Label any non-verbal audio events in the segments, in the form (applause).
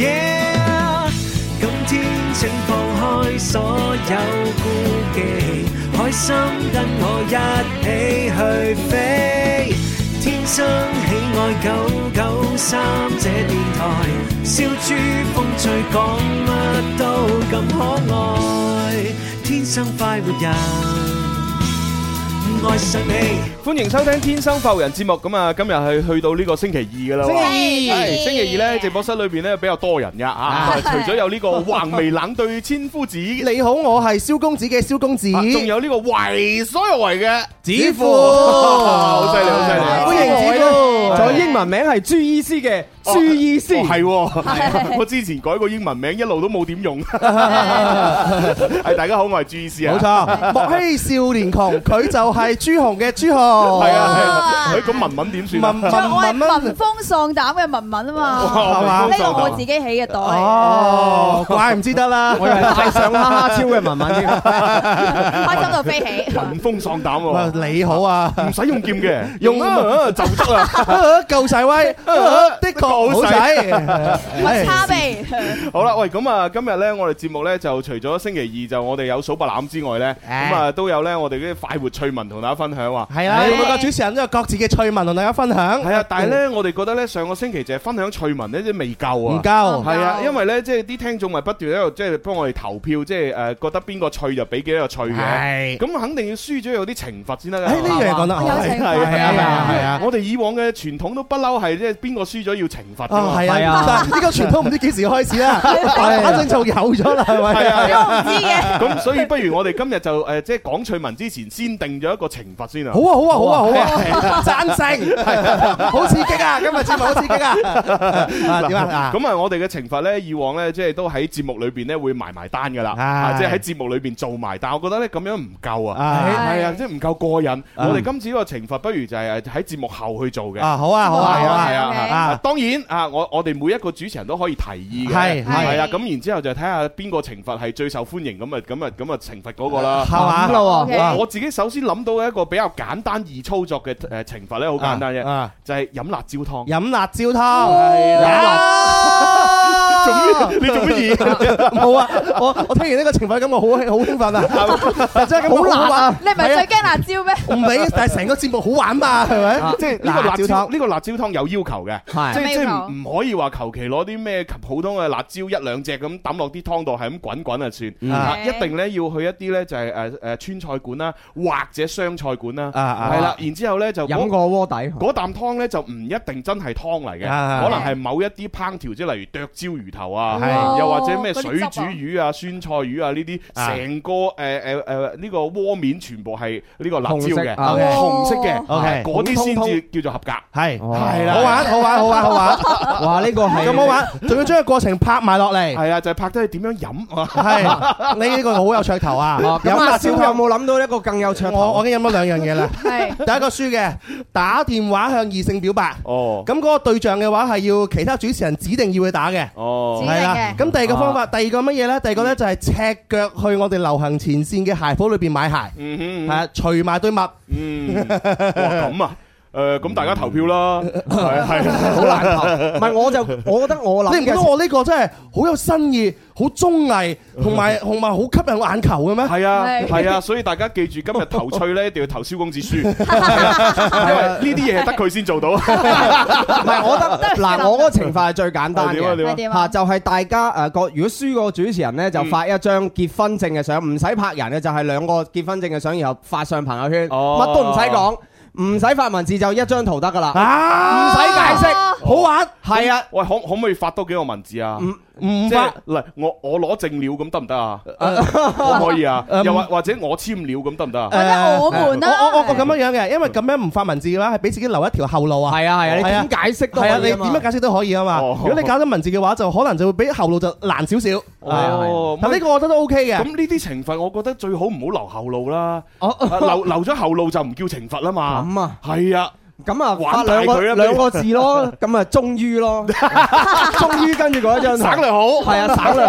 耶！今、yeah，天請放開所有顧忌，開心跟我一起去飛。天生喜愛九九三這電台，笑豬風趣，講乜都咁可愛。天生快活人，愛上你。歡迎收聽天生浮人節目，咁啊，今日係去到呢個星期二噶啦，星期二，星期二咧，直播室裏邊咧比較多人噶啊，除咗有呢個橫眉冷對千夫指，你好，我係蕭公子嘅蕭公子，仲有呢個為所欲為嘅紫夫，好犀利，好犀利，歡迎紫夫，仲有英文名係朱醫師嘅朱醫師，係，我之前改過英文名，一路都冇點用，係大家好，我係朱醫師啊，冇錯，莫欺少年窮，佢就係豬紅嘅豬紅。係啊，哎，咁文文點算？文文啊，我係聞風喪膽嘅文文啊嘛，呢個我自己起嘅袋。哦，怪唔知得啦，我戴上啦，超嘅文文添，開心到飛起。聞風喪膽喎，你好啊，唔使用劍嘅，用就得啊，夠晒威，的確好使，唔係差味。好啦，喂，咁啊，今日咧，我哋節目咧就除咗星期二就我哋有數白欖之外咧，咁啊都有咧，我哋啲快活趣聞同大家分享啊。係啊。每個主持人都有各自嘅趣聞同大家分享。係啊，但係咧，我哋覺得咧，上個星期就係分享趣聞咧，都未夠啊。唔夠，係啊，因為咧，即係啲聽眾咪不斷喺度，即係幫我哋投票，即係誒覺得邊個趣就俾幾多個趣嘅。咁，肯定要輸咗有啲懲罰先得嘅。呢樣講得好，係，係啊係啊！我哋以往嘅傳統都不嬲係，即係邊個輸咗要懲罰。係啊，呢個傳統唔知幾時開始啦。反正就有咗啦，係啊。我都唔知嘅。咁所以不如我哋今日就誒，即係講趣聞之前先定咗一個懲罰先啊。好啊好啊！好啊好啊，讚成，好刺激啊！今日節目好刺激啊！咁啊，我哋嘅懲罰咧，以往咧，即係都喺節目裏邊咧會埋埋單噶啦，啊，即係喺節目裏邊做埋。但係我覺得咧，咁樣唔夠啊，係啊，即係唔夠過癮。我哋今次個懲罰，不如就係喺節目後去做嘅。啊，好啊好啊，係啊係啊，當然啊，我我哋每一個主持人都可以提議嘅。係係啊。咁然之後就睇下邊個懲罰係最受歡迎，咁啊咁啊咁啊懲罰嗰個啦，係嘛？咁咯，我我自己首先諗到嘅一個比較簡單。易操作嘅誒懲罰咧，好簡單啫，啊啊、就係飲辣椒湯。飲辣椒湯，飲辣。你做乜嘢？冇啊！我我聽完呢個情況，感覺好好興奮啊！真係好辣啊！你唔係最驚辣椒咩？唔理，但係成個節目好玩嘛？係咪？即係呢個辣椒呢個辣椒湯有要求嘅，即係即係唔可以話求其攞啲咩普通嘅辣椒一兩隻咁抌落啲湯度，係咁滾滾就算。一定咧要去一啲咧就係誒誒川菜館啦，或者湘菜館啦，係啦。然之後咧就飲個鍋底，嗰啖湯咧就唔一定真係湯嚟嘅，可能係某一啲烹調，即係例如剁椒魚。頭啊，係又或者咩水煮魚啊、酸菜魚啊呢啲，成個誒誒誒呢個鍋面全部係呢個辣椒嘅，紅色嘅，嗰啲先至叫做合格。係，係啦，好玩，好玩，好玩，好玩，哇！呢個係咁好玩，仲要將個過程拍埋落嚟。係啊，就係拍咗佢點樣飲。係，你呢個好有噱頭啊！飲啊，肖有冇諗到一個更有噱頭？我我已經飲咗兩樣嘢啦。係第一個輸嘅，打電話向異性表白。哦，咁嗰個對象嘅話係要其他主持人指定要佢打嘅。係啦，咁第二個方法，啊、第二個乜嘢咧？第二個咧、嗯、就係赤腳去我哋流行前線嘅鞋鋪裏邊買鞋，係、嗯、啊，除埋對襪。 (laughs) 哇，咁啊！誒，咁大家投票啦，係啊，係好難投。唔係我就我覺得我諗，你唔覺得我呢個真係好有新意、好綜藝，同埋同埋好吸引眼球嘅咩？係啊，係啊，所以大家記住今日投趣咧，一定要投肖公子輸，因為呢啲嘢，得佢先做到。唔係，我覺得嗱，我嗰個懲罰係最簡單嘅，點啊點啊，吓就係大家誒，個如果輸個主持人咧，就發一張結婚證嘅相，唔使拍人嘅，就係兩個結婚證嘅相，然後發上朋友圈，乜都唔使講。唔使發文字，就一張圖得噶啦，唔使、啊、解釋。好玩係啊！喂，可可唔可以發多幾個文字啊？唔唔發嚟，我我攞證了咁得唔得啊？可唔可以啊？又或或者我簽了咁得唔得啊？因為我們啊，我我我咁樣樣嘅，因為咁樣唔發文字嘅話，係俾自己留一條後路啊。係啊係啊，你點解釋都係啊，你點樣解釋都可以啊嘛。如果你搞咗文字嘅話，就可能就會俾後路就難少少。哦，但呢個我覺得都 OK 嘅。咁呢啲懲罰，我覺得最好唔好留後路啦。留留咗後路就唔叫懲罰啦嘛。咁啊，係啊。咁啊，發兩個兩個字咯，咁啊，終於咯，終於跟住嗰一樽省略號，係啊，省略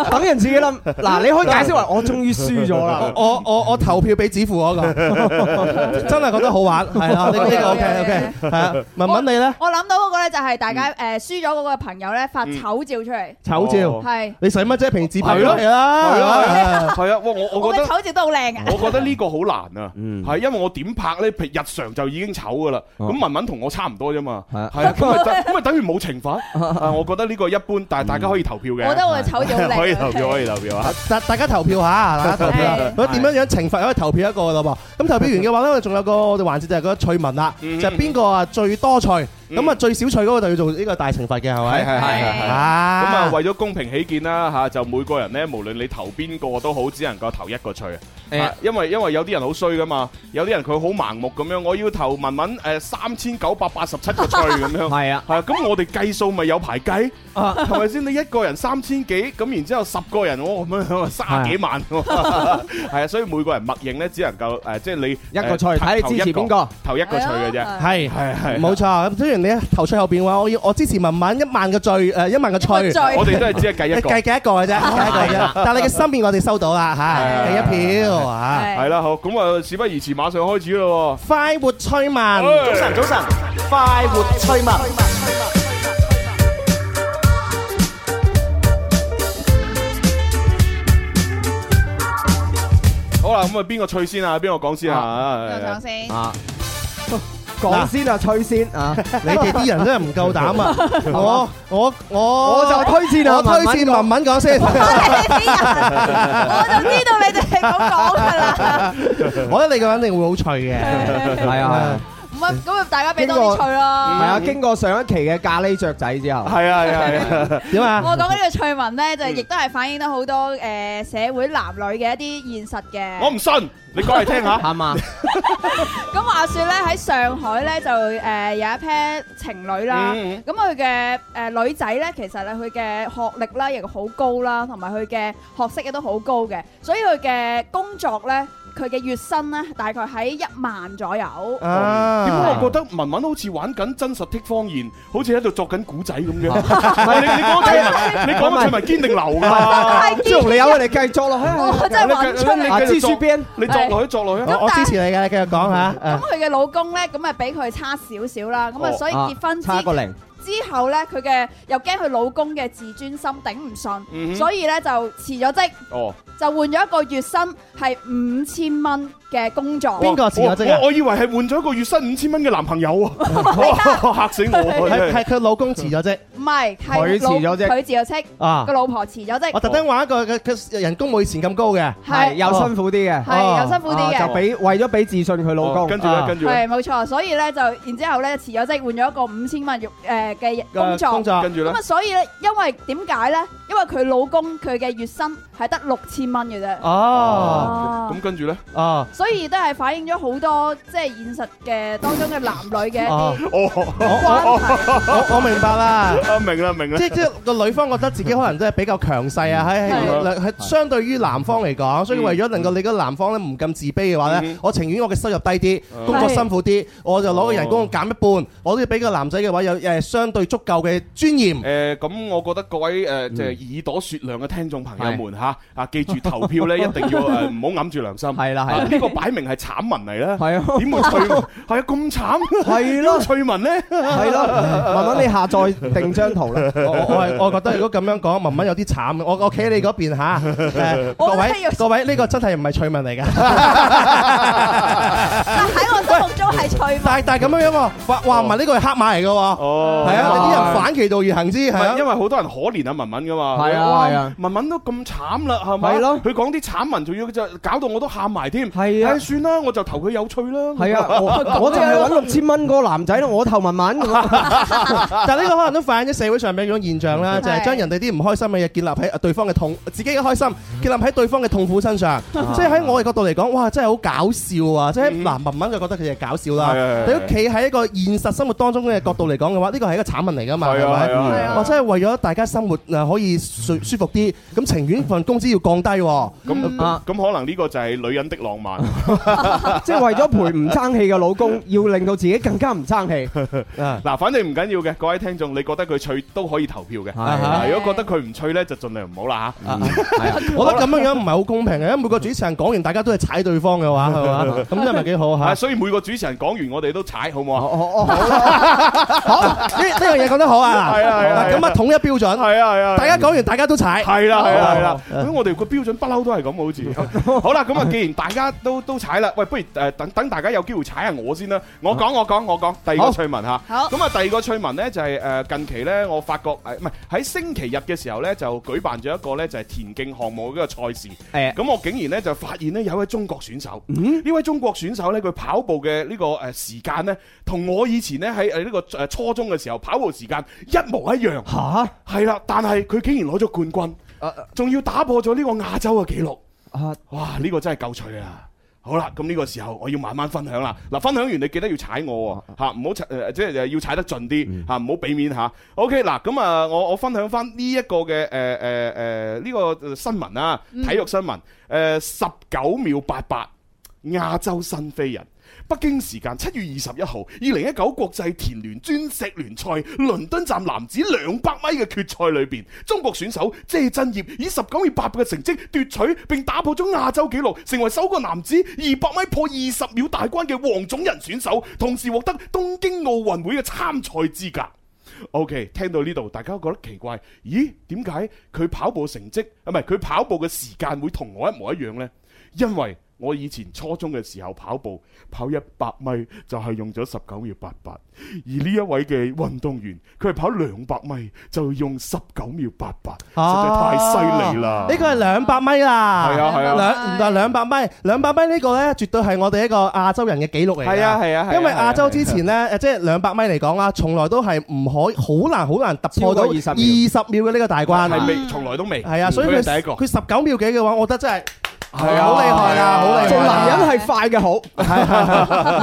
號，等人自己諗。嗱，你可以解釋話我終於輸咗啦，我我我投票俾子父嗰個，真係覺得好玩，係啦，呢個 OK OK，係啊，問問你咧？我諗到嗰個咧就係大家誒輸咗嗰個朋友咧發醜照出嚟，醜照係。你使乜啫？瓶紙杯咯，係啦，係啦，係啊。我我覺得醜照都好靚啊。我覺得呢個好難啊，係因為我點拍咧？譬如日常就已經。醜噶啦，咁文文同我差唔多啫嘛，係啊，咁咪等於冇懲罰。啊，我覺得呢個一般，但係大家可以投票嘅。我覺得我係醜照可以投票，可以投票。大大家投票下。大家投票。咁點樣樣懲罰可以投票一個嘅嘞噃？咁投票完嘅話咧，仲有個環節就係個趣聞啦，就係邊個啊，最多趣？咁啊最少脆嗰個就要做呢個大懲罰嘅係咪？係係係咁啊為咗公平起見啦吓，就每個人咧無論你投邊個都好，只能夠投一個脆。誒，因為因為有啲人好衰噶嘛，有啲人佢好盲目咁樣，我要投文文誒三千九百八十七個脆咁樣。係啊，咁我哋計數咪有排計，係咪先？你一個人三千幾，咁然之後十個人我咁樣，三十幾萬。係啊，所以每個人默認咧只能夠誒，即係你一個脆，睇你支持邊個，投一個脆嘅啫。係係係，冇錯。咁雖然。你投菜後邊嘅話，我要我支持文文一萬個最誒，一萬個最，我哋都係只係計一個，計幾一個嘅啫，但係你嘅心意我哋收到啦，係第一票，係啦，好咁啊，事不宜遲，馬上開始咯，快活趣聞，早晨早晨，快活趣聞，好啦，咁啊，邊個吹先啊？邊個講先啊？講先。講先啊，吹先啊！你哋啲人都係唔夠膽啊！ (laughs) 嗎我我我我就推薦、啊、我，聞聞聞我推薦文文講先，我呢人，我就知道你哋係咁講噶啦。我覺得你嘅肯定會好脆嘅，係啊。 (laughs) (laughs) 咁啊！咁啊！大家俾多啲趣咯，係啊！經過上一期嘅咖喱雀仔之後，係啊！點啊？我講緊呢個趣聞咧，就亦都係反映到好多誒社會男女嘅一啲現實嘅。我唔信，你講嚟聽下，係嘛？咁話説咧，喺上海咧就誒有一 pair 情侶啦，咁佢嘅誒女仔咧，其實咧佢嘅學歷啦亦好高啦，同埋佢嘅學識亦都好高嘅，所以佢嘅工作咧。佢嘅月薪咧大概喺一萬左右。啊！點解我覺得文文好似玩緊真實的方言，好似喺度作緊古仔咁樣？唔係你講埋，你講埋堅定流噶？豬紅，你有你繼續落去。佢真係玩出嚟。你繼續編，你作落去，作落去。我支持你嘅，你繼續講嚇。咁佢嘅老公咧，咁啊比佢差少少啦。咁啊，所以結婚之差個零。之後呢，佢嘅又驚佢老公嘅自尊心頂唔順，mm hmm. 所以呢就辭咗職，oh. 就換咗一個月薪係五千蚊嘅工作，邊個辭咗職？我我以為係換咗一個月薪五千蚊嘅男朋友啊！嚇死我！係係佢老公辭咗職，唔係係佢辭咗職，佢辭咗職啊！個老婆辭咗職，我特登玩一個嘅嘅人工冇以前咁高嘅，係又辛苦啲嘅，係又辛苦啲嘅，就俾為咗俾自信佢老公，跟住咧，跟住係冇錯，所以咧就然之後咧辭咗職，換咗一個五千蚊月誒嘅工作，跟住咧咁啊，所以咧因為點解咧？因為佢老公佢嘅月薪係得六千蚊嘅啫，哦，咁跟住咧啊。所以都係反映咗好多即係現實嘅當中嘅男女嘅一啲關係。我明白啦，明啦明啦。即即個女方覺得自己可能真係比較強勢啊，喺係相對於男方嚟講，所以為咗能夠令到你個男方咧唔咁自卑嘅話咧，我情願我嘅收入低啲，工作辛苦啲，我就攞個人工減一半，我都要俾個男仔嘅話有誒相對足夠嘅尊嚴。誒咁，我覺得各位誒即係耳朵雪亮嘅聽眾朋友們嚇啊，記住投票咧一定要誒唔好揞住良心。係啦係。擺明係慘文嚟啦，係啊，點會趣？係啊，咁慘？係咯，趣文咧？係咯，文文你下載定張圖啦。我係我覺得如果咁樣講，文文有啲慘。我我企喺你嗰邊吓，各位各位，呢個真係唔係趣文嚟噶。但喺我心目中係趣文。但但咁樣樣喎，話話唔埋呢個係黑馬嚟噶喎。哦，係啊，啲人反其道而行之，係因為好多人可憐啊文文噶嘛。係啊，文文都咁慘啦，係咪？咪咯。佢講啲慘文，仲要，就搞到我都喊埋添。唉，算啦，我就投佢有趣啦。係啊，我就係揾六千蚊嗰個男仔咯，我投文文。但係呢個可能都反映咗社會上面嘅現象啦，就係將人哋啲唔開心嘅嘢建立喺對方嘅痛，自己嘅開心建立喺對方嘅痛苦身上。即係喺我哋嘅角度嚟講，哇，真係好搞笑啊！即係嗱，文文就覺得佢哋係搞笑啦。但係如果企喺一個現實生活當中嘅角度嚟講嘅話，呢個係一個產物嚟㗎嘛，係咪？或者係為咗大家生活啊可以舒舒服啲，咁情願份工資要降低。咁咁可能呢個就係女人的浪漫。即係為咗陪唔爭氣嘅老公，要令到自己更加唔爭氣。嗱，反正唔緊要嘅，各位聽眾，你覺得佢趣都可以投票嘅。如果覺得佢唔趣呢，就盡量唔好啦吓。我覺得咁樣樣唔係好公平嘅，因為每個主持人講完，大家都係踩對方嘅話，係嘛？咁真係唔係幾好吓。所以每個主持人講完，我哋都踩，好唔好好，呢呢樣嘢講得好啊！係啊係啊。咁啊，統一標準。係啊係啊。大家講完，大家都踩。係啦係啦係啦。咁我哋個標準不嬲都係咁，好似。好啦，咁啊，既然大家都都踩啦，喂，不如誒、呃、等等大家有機會踩下我先啦。我講、啊、我講我講第二個趣聞吓，咁啊第二個趣聞呢，就係、是、誒、呃、近期呢，我發覺誒唔係喺星期日嘅時候呢，就舉辦咗一個呢，就係、是、田徑項目嗰個賽事，咁、啊、我竟然呢，就發現呢，有一位中國選手，呢、嗯、位中國選手呢，佢跑步嘅呢個誒時間呢同我以前呢喺呢個初中嘅時候跑步時間一模一樣，吓係啦，但係佢竟然攞咗冠軍，仲要打破咗呢個亞洲嘅紀錄，啊、哇呢、這個真係夠趣啊！好啦，咁呢個時候我要慢慢分享啦。嗱，分享完你記得要踩我喎、啊，唔好、啊啊呃、即係要踩得盡啲嚇，唔好俾面嚇、啊。OK，嗱咁啊，我我分享返呢一個嘅誒誒誒呢個新聞啦、啊，體育新聞誒十九秒八八亞洲新飛人。北京時間七月二十一號，二零一九國際田聯鑽石聯賽倫敦站男子兩百米嘅決賽裏邊，中國選手謝震業以十九秒八八嘅成績奪取，並打破咗亞洲紀錄，成為首個男子二百米破二十秒大關嘅黃種人選手，同時獲得東京奧運會嘅參賽資格。OK，聽到呢度，大家都覺得奇怪，咦，點解佢跑步成績唔係佢跑步嘅時間會同我一模一樣呢？因為我以前初中嘅時候跑步跑一百米就係用咗十九秒八八，而呢一位嘅運動員佢係跑兩百米就用十九秒八八，實在太犀利啦！呢個係兩百米啦，係啊係啊，兩唔係兩百米，兩百米呢個呢，絕對係我哋一個亞洲人嘅紀錄嚟。係啊係啊，因為亞洲之前呢，即係兩百米嚟講啦，從來都係唔可好難好難突破到二十秒二十秒嘅呢個大關，係未從來都未係啊，所以佢第一個佢十九秒幾嘅話，我覺得真係。係啊，好厲害啊！好厲害！做男人係快嘅好，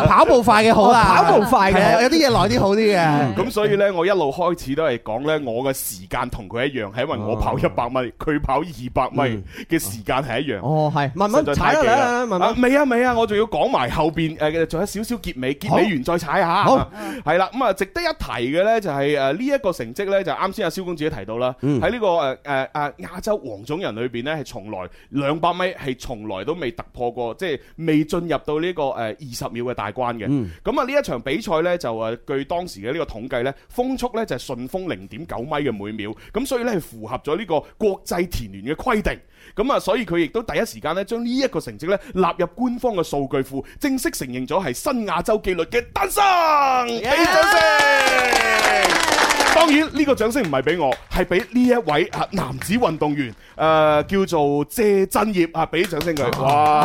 跑步快嘅好啦，跑步快嘅有啲嘢耐啲好啲嘅。咁所以呢，我一路開始都係講呢，我嘅時間同佢一樣，係因為我跑一百米，佢跑二百米嘅時間係一樣。哦，係慢慢踩啦，慢慢。未啊未啊，我仲要講埋後邊誒，仲有少少結尾，結尾完再踩下！好，係啦，咁啊，值得一提嘅呢，就係誒呢一個成績呢，就啱先阿蕭公子提到啦，喺呢個誒誒誒亞洲黃種人裏邊呢，係從來兩百米係。從來都未突破過，即係未進入到呢個誒二十秒嘅大關嘅。咁啊、嗯，呢一場比賽呢，就誒據當時嘅呢個統計呢，風速呢就係順風零點九米嘅每秒，咁所以呢，係符合咗呢個國際田聯嘅規定。咁啊、嗯，所以佢亦都第一時間咧，將呢一個成績咧納入官方嘅數據庫，正式承認咗係新亞洲紀錄嘅誕生。俾掌聲！當然呢、呢個掌聲唔係俾我，係俾呢一位啊男子運動員，誒、呃、叫做謝振業啊，俾掌聲佢。哇！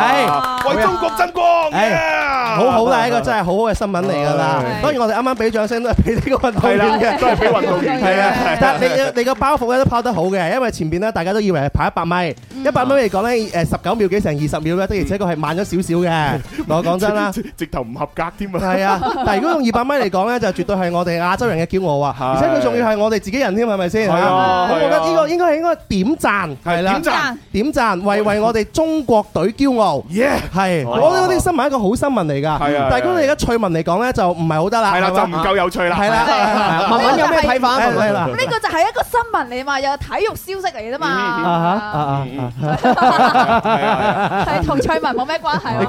係為中國爭光啊 yeah,、哎！好好啦，呢個真係好好嘅新聞嚟噶啦。的當然我哋啱啱俾掌聲都係俾呢個運動員嘅，都係俾運動員。係啊， (laughs) 但你你個包袱咧都拋得好嘅，因為前邊呢，大家都以為係跑一百米。一百米嚟講咧，誒十九秒幾成二十秒咧，的而且確係慢咗少少嘅。我講真啦，直頭唔合格添啊！係啊，但係如果用二百米嚟講咧，就絕對係我哋亞洲人嘅驕傲啊！而且佢仲要係我哋自己人添，係咪先？哦，好啦，呢個應該係應該點讚，係啦，點讚點讚，為為我哋中國隊驕傲，耶！係，我覺得啲新聞一個好新聞嚟噶，係啊。但係如果你而家趣聞嚟講咧，就唔係好得啦，係啦，就唔夠有趣啦，係啦。文文有咩睇法啊？咁呢個就係一個新聞嚟嘛，又體育消息嚟噶嘛。啊啊啊！係 (laughs) 同、啊、翠文冇咩關係，啊？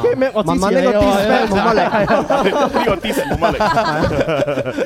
慢慢呢個 diss 冇乜、啊、力，呢個 diss 冇乜力。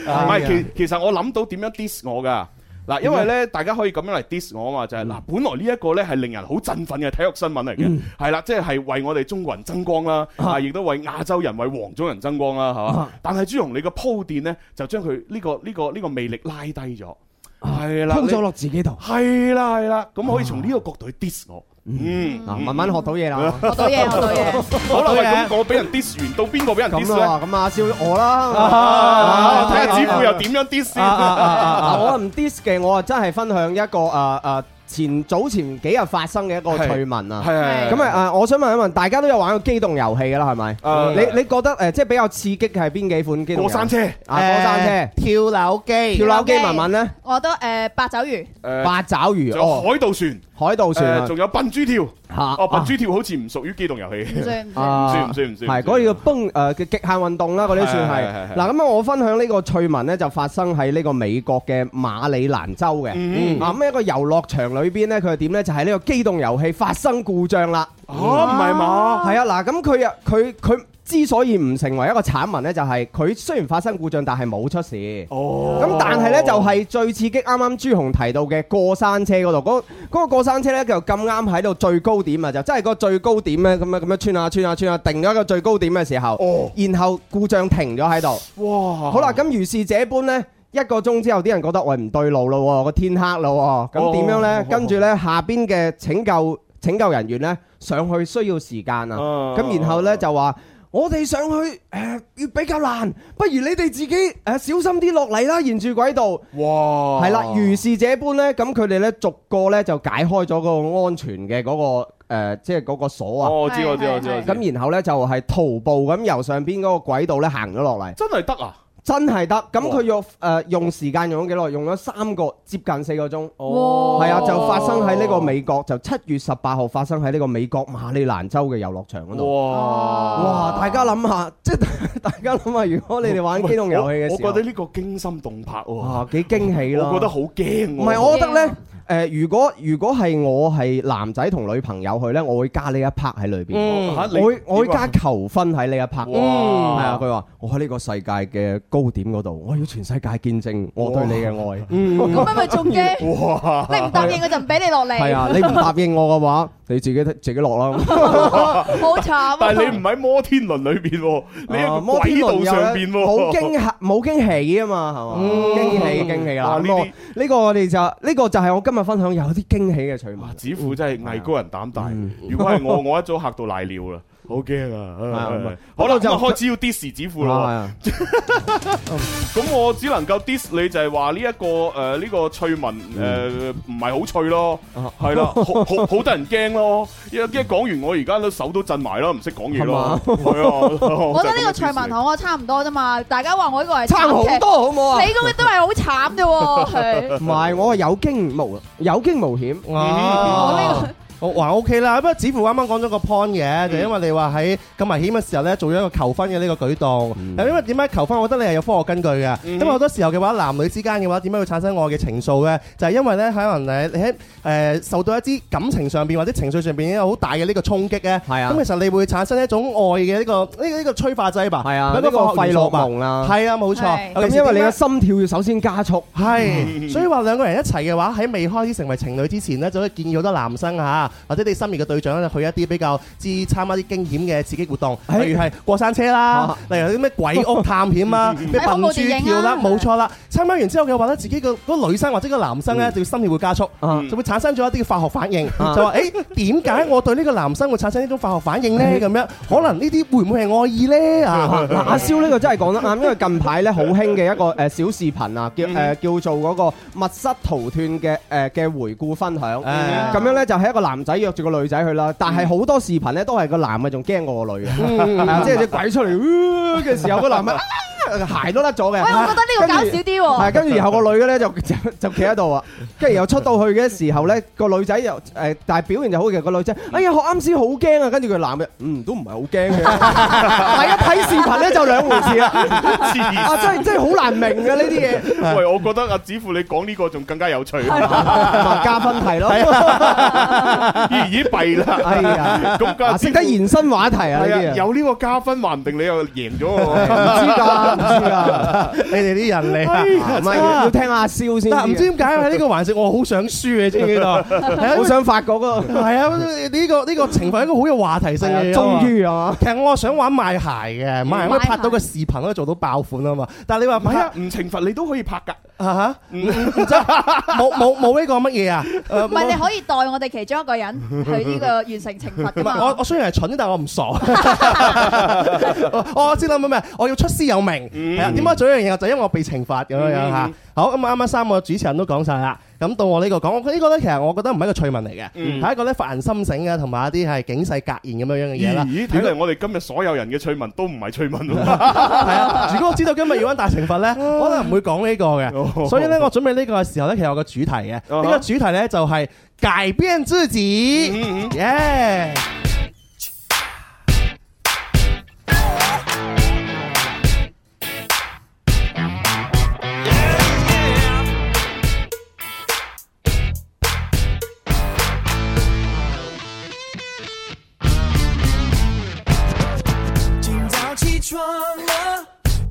唔、啊、係，其、啊、 (laughs) (laughs) 其實我諗到點樣 diss 我噶嗱，因為咧，大家可以咁樣嚟 diss 我啊嘛，就係嗱，本來呢一個咧係令人好振奮嘅體育新聞嚟嘅，係啦，即係為我哋中國人爭光啦，啊，亦都為亞洲人、為黃種人爭光啦，係嘛。但係豬紅、這個，你個鋪墊咧就將佢呢個呢個呢個魅力拉低咗。係啦，封咗落自己度。係啦係啦，咁可以從呢個角度去 diss 我。嗯，嗱，慢慢學到嘢啦。學到嘢，學到嘢。好啦，咁我俾人 diss 完，到邊個俾人 diss 啊？咁阿少我啦，睇下子富又點樣 diss？嗱，我唔 diss 嘅，我啊真係分享一個啊啊。前早前幾日發生嘅一個趣聞啊，咁啊啊！我想問一問，大家都有玩過機動遊戲㗎啦，係咪？係你係你覺得誒，即、呃、係、就係、比較刺激嘅係邊幾款機動過、啊？過山車，誒、欸，跳樓機，跳樓機，跳樓機文文咧，我都誒八爪魚，八爪魚，呃、八爪魚海盜船。海盜船，仲、哦、有笨豬跳，吓，哦，啊、笨豬跳好似唔屬於機動遊戲，算唔算？唔、啊、算，係嗰、那個叫蹦誒嘅極限運動啦，嗰啲算係。嗱的，咁的啊，我分享呢個趣聞咧，就發生喺呢個美國嘅馬里蘭州嘅，嗯嗯、啊，咁一個遊樂場裏邊咧，佢點咧就係、是、呢個機動遊戲發生故障啦。唔係嘛，係啊，嗱，咁佢又佢佢之所以唔成為一個慘聞咧，就係、是、佢雖然發生故障，但係冇出事。哦，咁但係咧就係、是、最刺激。啱啱豬紅提到嘅過山車嗰度，嗰嗰、嗰個過山車咧就咁啱喺度最高點啊，就真、是、係個最高點咧，咁樣咁樣穿下穿下穿下，定咗一個最高點嘅時候，哦，然後故障停咗喺度。哇，好啦、啊，咁如是這般咧，一個鐘之後啲人覺得喂唔對路啦喎，個天黑啦喎，咁點樣咧？跟住咧下邊嘅拯救，veya 救、嗯。拯救人員咧上去需要時間啊，咁然後咧就話、啊、我哋上去誒要比較難，不如你哋自己誒小心啲落嚟啦，沿住軌道。哇！係啦，如是這般咧，咁佢哋咧逐個咧就解開咗嗰個安全嘅嗰、誒即係嗰個鎖啊。哦，知我知、嗯、我知。咁然後咧就係徒步咁由上邊嗰個軌道咧行咗落嚟。真係得啊！真係得，咁佢用誒用時間用咗幾耐？用咗三個接近四個鐘。哦哇，係啊，就發生喺呢個美國，就七月十八號發生喺呢個美國馬里蘭州嘅遊樂場嗰度。哇、嗯！哇！大家諗下，即係大家諗下，如果你哋玩機動遊戲嘅時候我我，我覺得呢個驚心動魄喎、啊。哇！幾驚喜咯、啊！我覺得好驚、啊。唔係，我覺得呢。Yeah. 誒、呃，如果如果係我係男仔同女朋友去咧，我會加呢一 part 喺裏邊。嗯、我你我會加求婚喺呢一 part。係哇 啊，佢話我喺呢個世界嘅高點嗰度，我要全世界見證我對你嘅愛。咁哇、嗯、樣咪仲驚？哇 你唔答應我就唔俾你落嚟。係啊，你唔答應我嘅話。你自己自己落啦，好慘！但係你唔喺摩天輪裏邊，你喺軌道上邊好驚嚇、冇驚喜啊嘛，係嘛？驚喜、驚喜啊，呢個呢個我哋就呢個就係我今日分享有啲驚喜嘅趣聞。子富真係藝高人膽大，如果係我，我一早吓到瀨尿啦，好驚啊！係好啦，就開始要 diss 子富咯，咁我只能夠 diss 你，就係話呢一個誒呢個趣聞誒唔係好趣咯，係啦，好好好得人驚咯。一啲講完，我而家都手都震埋啦，唔識講嘢咯。係啊，我覺得呢個蔡文雄啊，差唔多啫嘛。大家話我呢個係差好多，好唔好啊？你個都係好慘嘅。係，唔係我係有驚無有驚無險。我呢個。還 OK 啦，不過子乎啱啱講咗個 point 嘅，嗯、就因為你話喺咁危險嘅時候咧，做咗一個求婚嘅呢個舉動。嗯、因為點解求婚，我覺得你係有科學根據嘅。嗯、因為好多時候嘅話，男女之間嘅話，點解會產生愛嘅情愫咧？就係、是、因為咧，可能你喺誒、呃、受到一啲感情上邊或者情緒上邊有好大嘅呢個衝擊咧。咁、啊、其實你會產生一種愛嘅呢、這個呢、這個呢、這個催化劑吧？係啊，一個廢落夢啦。係啊，冇錯。是為因為你嘅心跳要首先加速，係。所以話兩個人一齊嘅話，喺未開始成為情侶之前咧，就可以建議好多男生嚇。或者你心儀嘅對象去一啲比較之參加啲驚險嘅刺激活動，例如係過山車啦，例如啲咩鬼屋探險啊，咩笨豬跳啦，冇錯啦。參加完之後嘅話咧，自己個嗰女生或者個男生咧，就心率會加速，就會產生咗一啲化學反應，就話：誒點解我對呢個男生會產生呢種化學反應呢？咁樣可能呢啲會唔會係愛意呢？啊，阿肖呢個真係講得啱，因為近排咧好興嘅一個誒小視頻啊，叫誒叫做嗰個密室逃脫嘅誒嘅回顧分享，咁樣咧就係一個男。唔使約住個女仔去啦，但係好多視頻咧都係、 (laughs) 呃、個男嘅仲驚過個女嘅，即係隻鬼出嚟嘅時候個男嘅。鞋都甩咗嘅，喂我覺得呢個搞少啲係跟住然後個女嘅咧就就企喺度啊，跟住又出到去嘅時候咧個女仔又誒，但係表現就好嘅個女仔，哎呀學啱先好驚啊，跟住佢男嘅嗯都唔係好驚嘅，大家睇視頻咧就兩回事啊，啊真係真係好難明嘅呢啲嘢，喂我覺得阿子富你講呢個仲更加有趣，加分題咯，咦咦弊啦，呀，啊，識得延伸話題啊，有呢個加分，話唔定你又贏咗啊，知輸啊！你哋啲人嚟，唔係要聽阿肖先。唔知點解喺呢個環節，我好想輸你知唔知道？好想發嗰個，係啊！呢個呢個懲罰應該好有話題性嘅。終於啊，其實我想玩賣鞋嘅，賣鞋可以拍到個視頻，可以做到爆款啊嘛。但係你話唔懲罰你都可以拍噶，冇冇冇呢個乜嘢啊？唔係你可以代我哋其中一個人去呢個完成懲罰啊嘛！我我雖然係蠢，但我唔傻。我知啦，唔係？我要出師有名。係啊，點解做一樣嘢就是，因為我被懲罰咁樣樣吓？Mm hmm. 好咁啊，啱啱三個主持人都講晒啦。咁到我呢個講，呢、這個咧其實我覺得唔係一個趣聞嚟嘅，係、mm hmm. 一個咧發人心醒嘅，同埋一啲係警世格言咁樣樣嘅嘢啦。咦、mm？睇嚟，我哋今日所有人嘅趣聞都唔係趣聞。係啊，如果我知道今日要搵大懲罰咧， (laughs) 我可能唔會講呢個嘅。所以咧，我準備呢個嘅時候咧，其實有，uh huh. 個主題嘅，就是。呢個主題咧就係改變自己，耶！Mm hmm. yeah.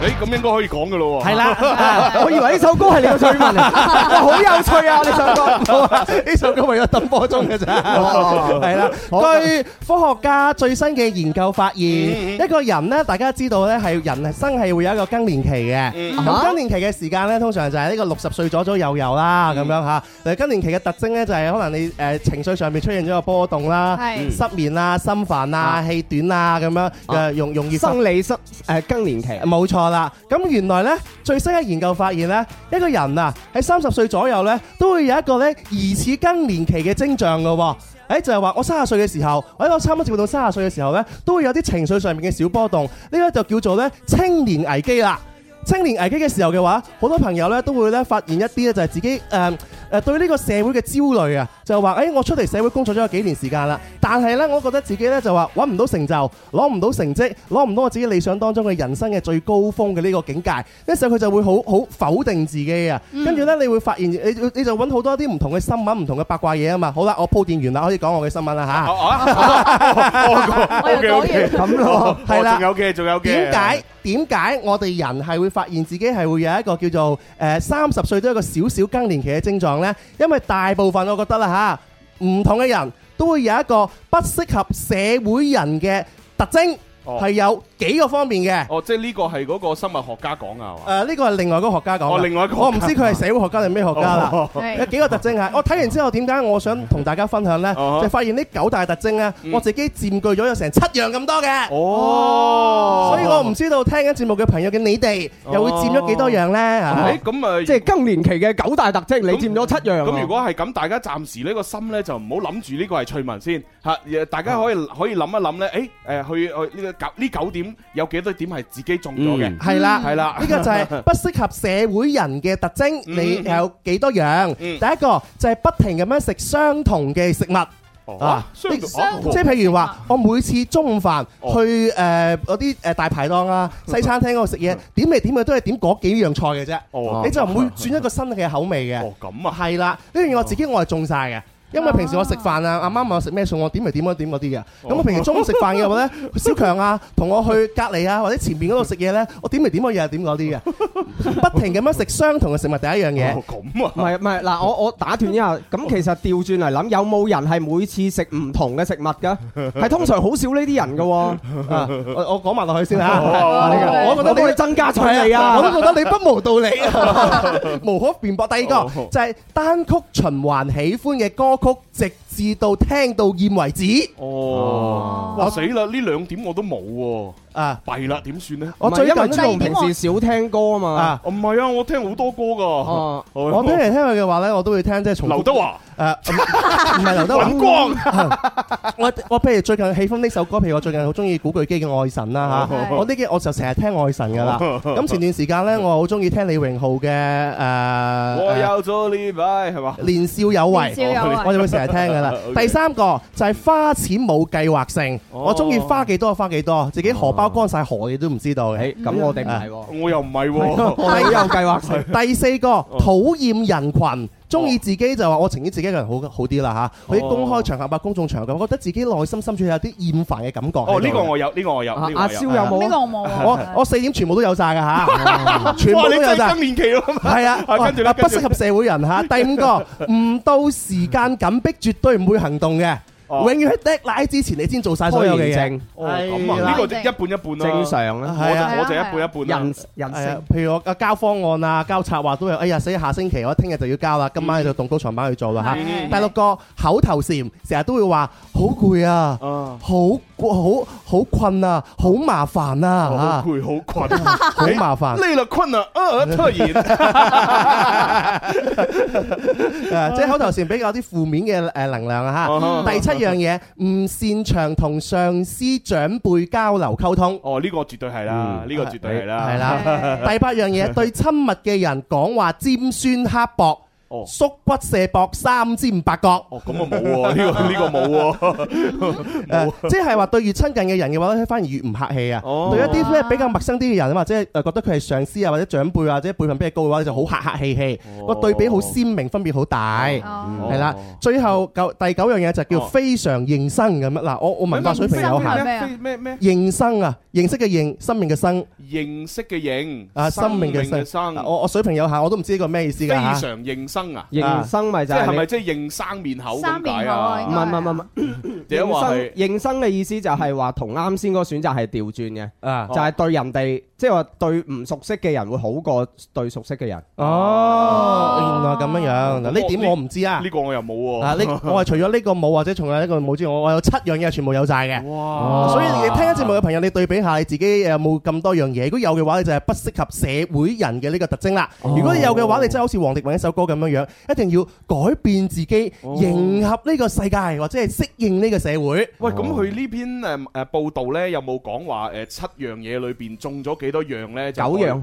誒咁應該可以講嘅咯喎，係啦，我以為呢首歌係你嘅趣聞，哇，好有趣啊！呢首歌，呢首歌為咗登波鐘嘅啫，係啦。據科學家最新嘅研究發現，一個人咧，大家知道咧係人生係會有一個更年期嘅。咁更年期嘅時間咧，通常就係呢個六十歲左左右右啦，咁樣嚇。嗱，更年期嘅特徵咧，就係可能你誒情緒上面出現咗個波動啦，失眠啊、心煩啊、氣短啊。咁樣，誒容容易生理失誒更年期，冇錯。啦咁，原來咧最新嘅研究發現咧，一個人啊喺三十歲左右咧，都會有一個咧疑似更年期嘅徵象噶。誒，就係、是、話我三十歲嘅時候，我喺我差唔多接近到三十歲嘅時候咧，都會有啲情緒上面嘅小波動，呢、這個就叫做咧青年危機啦。青年危機嘅時候嘅話，好多朋友咧都會咧發現一啲咧就係自己誒誒對呢個社會嘅焦慮啊，就係話誒我出嚟社會工作咗有幾年時間啦，但係咧我都覺得自己咧就話揾唔到成就，攞唔到成績，攞唔到我自己理想當中嘅人生嘅最高峰嘅呢個境界，一時候佢就會好好否定自己啊。跟住咧，你會發現你你你就揾好多啲唔同嘅新聞、唔同嘅八卦嘢啊嘛。好啦，我鋪墊完啦，可以講我嘅新聞啦嚇。哦，我又講完咁咯，係啦，仲有嘅，仲有嘅。點解點解我哋人係會？發現自己係會有一個叫做誒三十歲都有一個小小更年期嘅症狀呢，因為大部分我覺得啦吓，唔同嘅人都會有一個不適合社會人嘅特徵。係有幾個方面嘅，哦，即係呢個係嗰個生物學家講啊，係嘛？誒，呢個係另外一個學家講，我另外一個，我唔知佢係社會學家定咩學家啦。有幾個特徵係，我睇完之後點解我想同大家分享咧？就發現呢九大特徵咧，我自己佔據咗有成七樣咁多嘅。哦，所以我唔知道聽緊節目嘅朋友嘅你哋又會佔咗幾多樣咧？誒，咁啊，即係更年期嘅九大特徵，你佔咗七樣。咁如果係咁，大家暫時呢個心咧就唔好諗住呢個係趣聞先嚇，大家可以可以諗一諗咧，誒誒去去呢個。呢九點有幾多點係自己中咗嘅？係啦，係啦，呢個就係不適合社會人嘅特徵。你有幾多樣？第一個就係不停咁樣食相同嘅食物啊！即係譬如話，我每次中午飯去誒嗰啲誒大排檔啊、西餐廳嗰度食嘢，點嚟點去都係點嗰幾樣菜嘅啫。你就唔會轉一個新嘅口味嘅。咁啊，係啦，呢樣嘢我自己我係中晒嘅。因為平時我食飯啊，阿媽問我食咩餸，我點嚟點嗰點嗰啲嘅。咁我平時中午食飯嘅話咧，小強啊，同我去隔籬啊，或者前邊嗰度食嘢咧，我點嚟點嗰嘢啊，點嗰啲嘅，不停咁樣食相同嘅食物，第一樣嘢。咁啊，唔係唔係，嗱，我我打斷一下，咁其實調轉嚟諗，有冇人係每次食唔同嘅食物㗎？係通常好少呢啲人㗎喎。我我講埋落去先嚇。我覺得你會增加趣味啊！我都覺得你不無道理啊。無可辯駁。第二個就係單曲循環喜歡嘅歌。曲直。至到聽到厭為止哦！哇死啦！呢兩點我都冇喎啊！弊啦點算呢？我最近因為平時少聽歌啊嘛，唔係啊，我聽好多歌噶。我聽嚟聽去嘅話咧，我都會聽即係從劉德華誒，唔係劉德華。光！我我譬如最近喜歡呢首歌，譬如我最近好中意古巨基嘅《愛神》啦嚇，我呢幾我就成日聽《愛神》噶啦。咁前段時間咧，我好中意聽李榮浩嘅誒，我有咗李白係嘛？年少有為，我哋會成日聽嘅。第三個就係花錢冇計劃性，哦、我中意花幾多就花幾多，自己荷包乾晒荷嘢都唔知道嘅。咁我哋唔係喎，我又唔係喎，又有計劃性。 (laughs) 第四個討厭人群。中意自己就話我情願自己一個人好嘅好啲啦嚇，喺公開場合、公眾場合，我覺得自己內心深處有啲厭煩嘅感覺。哦，呢個我有，呢個我有，阿蕭有冇？呢個我冇。我我四點全部都有晒嘅吓，全部都有晒。哇！你係更年期啊嘛？係啊，跟住。啊，不適合社會人嚇。第五個，唔到時間緊逼，絕對唔會行動嘅。永遠喺 deadline 之前，你先做晒所有嘅嘢。哦，咁啊，呢個即係一半一半咯。正常啊，我我就一半一半咯。人人性，譬如我交方案啊，交策劃都有。哎呀，所以下星期我聽日就要交啦，今晚喺度動刀床板去做啦吓。第六個口頭禪，成日都會話好攰啊，好好好困啊，好麻煩啊。好攰，好困，好麻煩，累了困啊，即係口頭禪比較啲負面嘅誒能量啊。吓，第七。樣嘢唔擅長同上司長輩交流溝通。嗯、哦，呢、呢個絕對係啦，呢、嗯、個絕對係啦、嗯。係啦，第八樣嘢，對親密嘅人講話尖酸刻薄。縮骨射膊，三尖八角。哦，咁啊冇喎，呢個呢個冇喎。即係話對越親近嘅人嘅話反而越唔客氣啊。哦，對一啲比較陌生啲嘅人，或者誒覺得佢係上司啊，或者長輩啊，或者輩分比較高嘅話，就好客客氣氣。個對比好鮮明，分別好大。哦，係啦。最後第九樣嘢就叫非常認生咁啊。嗱，我我文化水平有限，咩咩認生啊？認識嘅認，生命嘅生。認識嘅認啊，生命嘅生。我我水平有限，我都唔知呢個咩意思嘅。非常認生。生啊，認生咪就係，啊，即咪即係認生面口咁解啊？唔係唔係唔係，即係認生嘅意思就係話同啱先嗰個選擇係調轉嘅，啊，就係對人哋。即係話對唔熟悉嘅人會好過對熟悉嘅人。哦，原來咁樣樣，呢點我唔知啊。呢個我又冇喎。啊，呢我係除咗呢個冇，或者仲有一個冇之外，我我有七樣嘢全部有曬嘅。哇！所以你聽緊節目嘅朋友，你對比下你自己誒有冇咁多樣嘢？如果有嘅話，你就係不適合社會人嘅呢個特徵啦。如果你有嘅話，你真係好似黃迪穩一首歌咁樣樣，一定要改變自己，迎合呢個世界，或者係適應呢個社會。喂，咁佢呢篇誒誒報道咧，有冇講話誒七樣嘢裏邊中咗幾？幾多樣咧？九樣。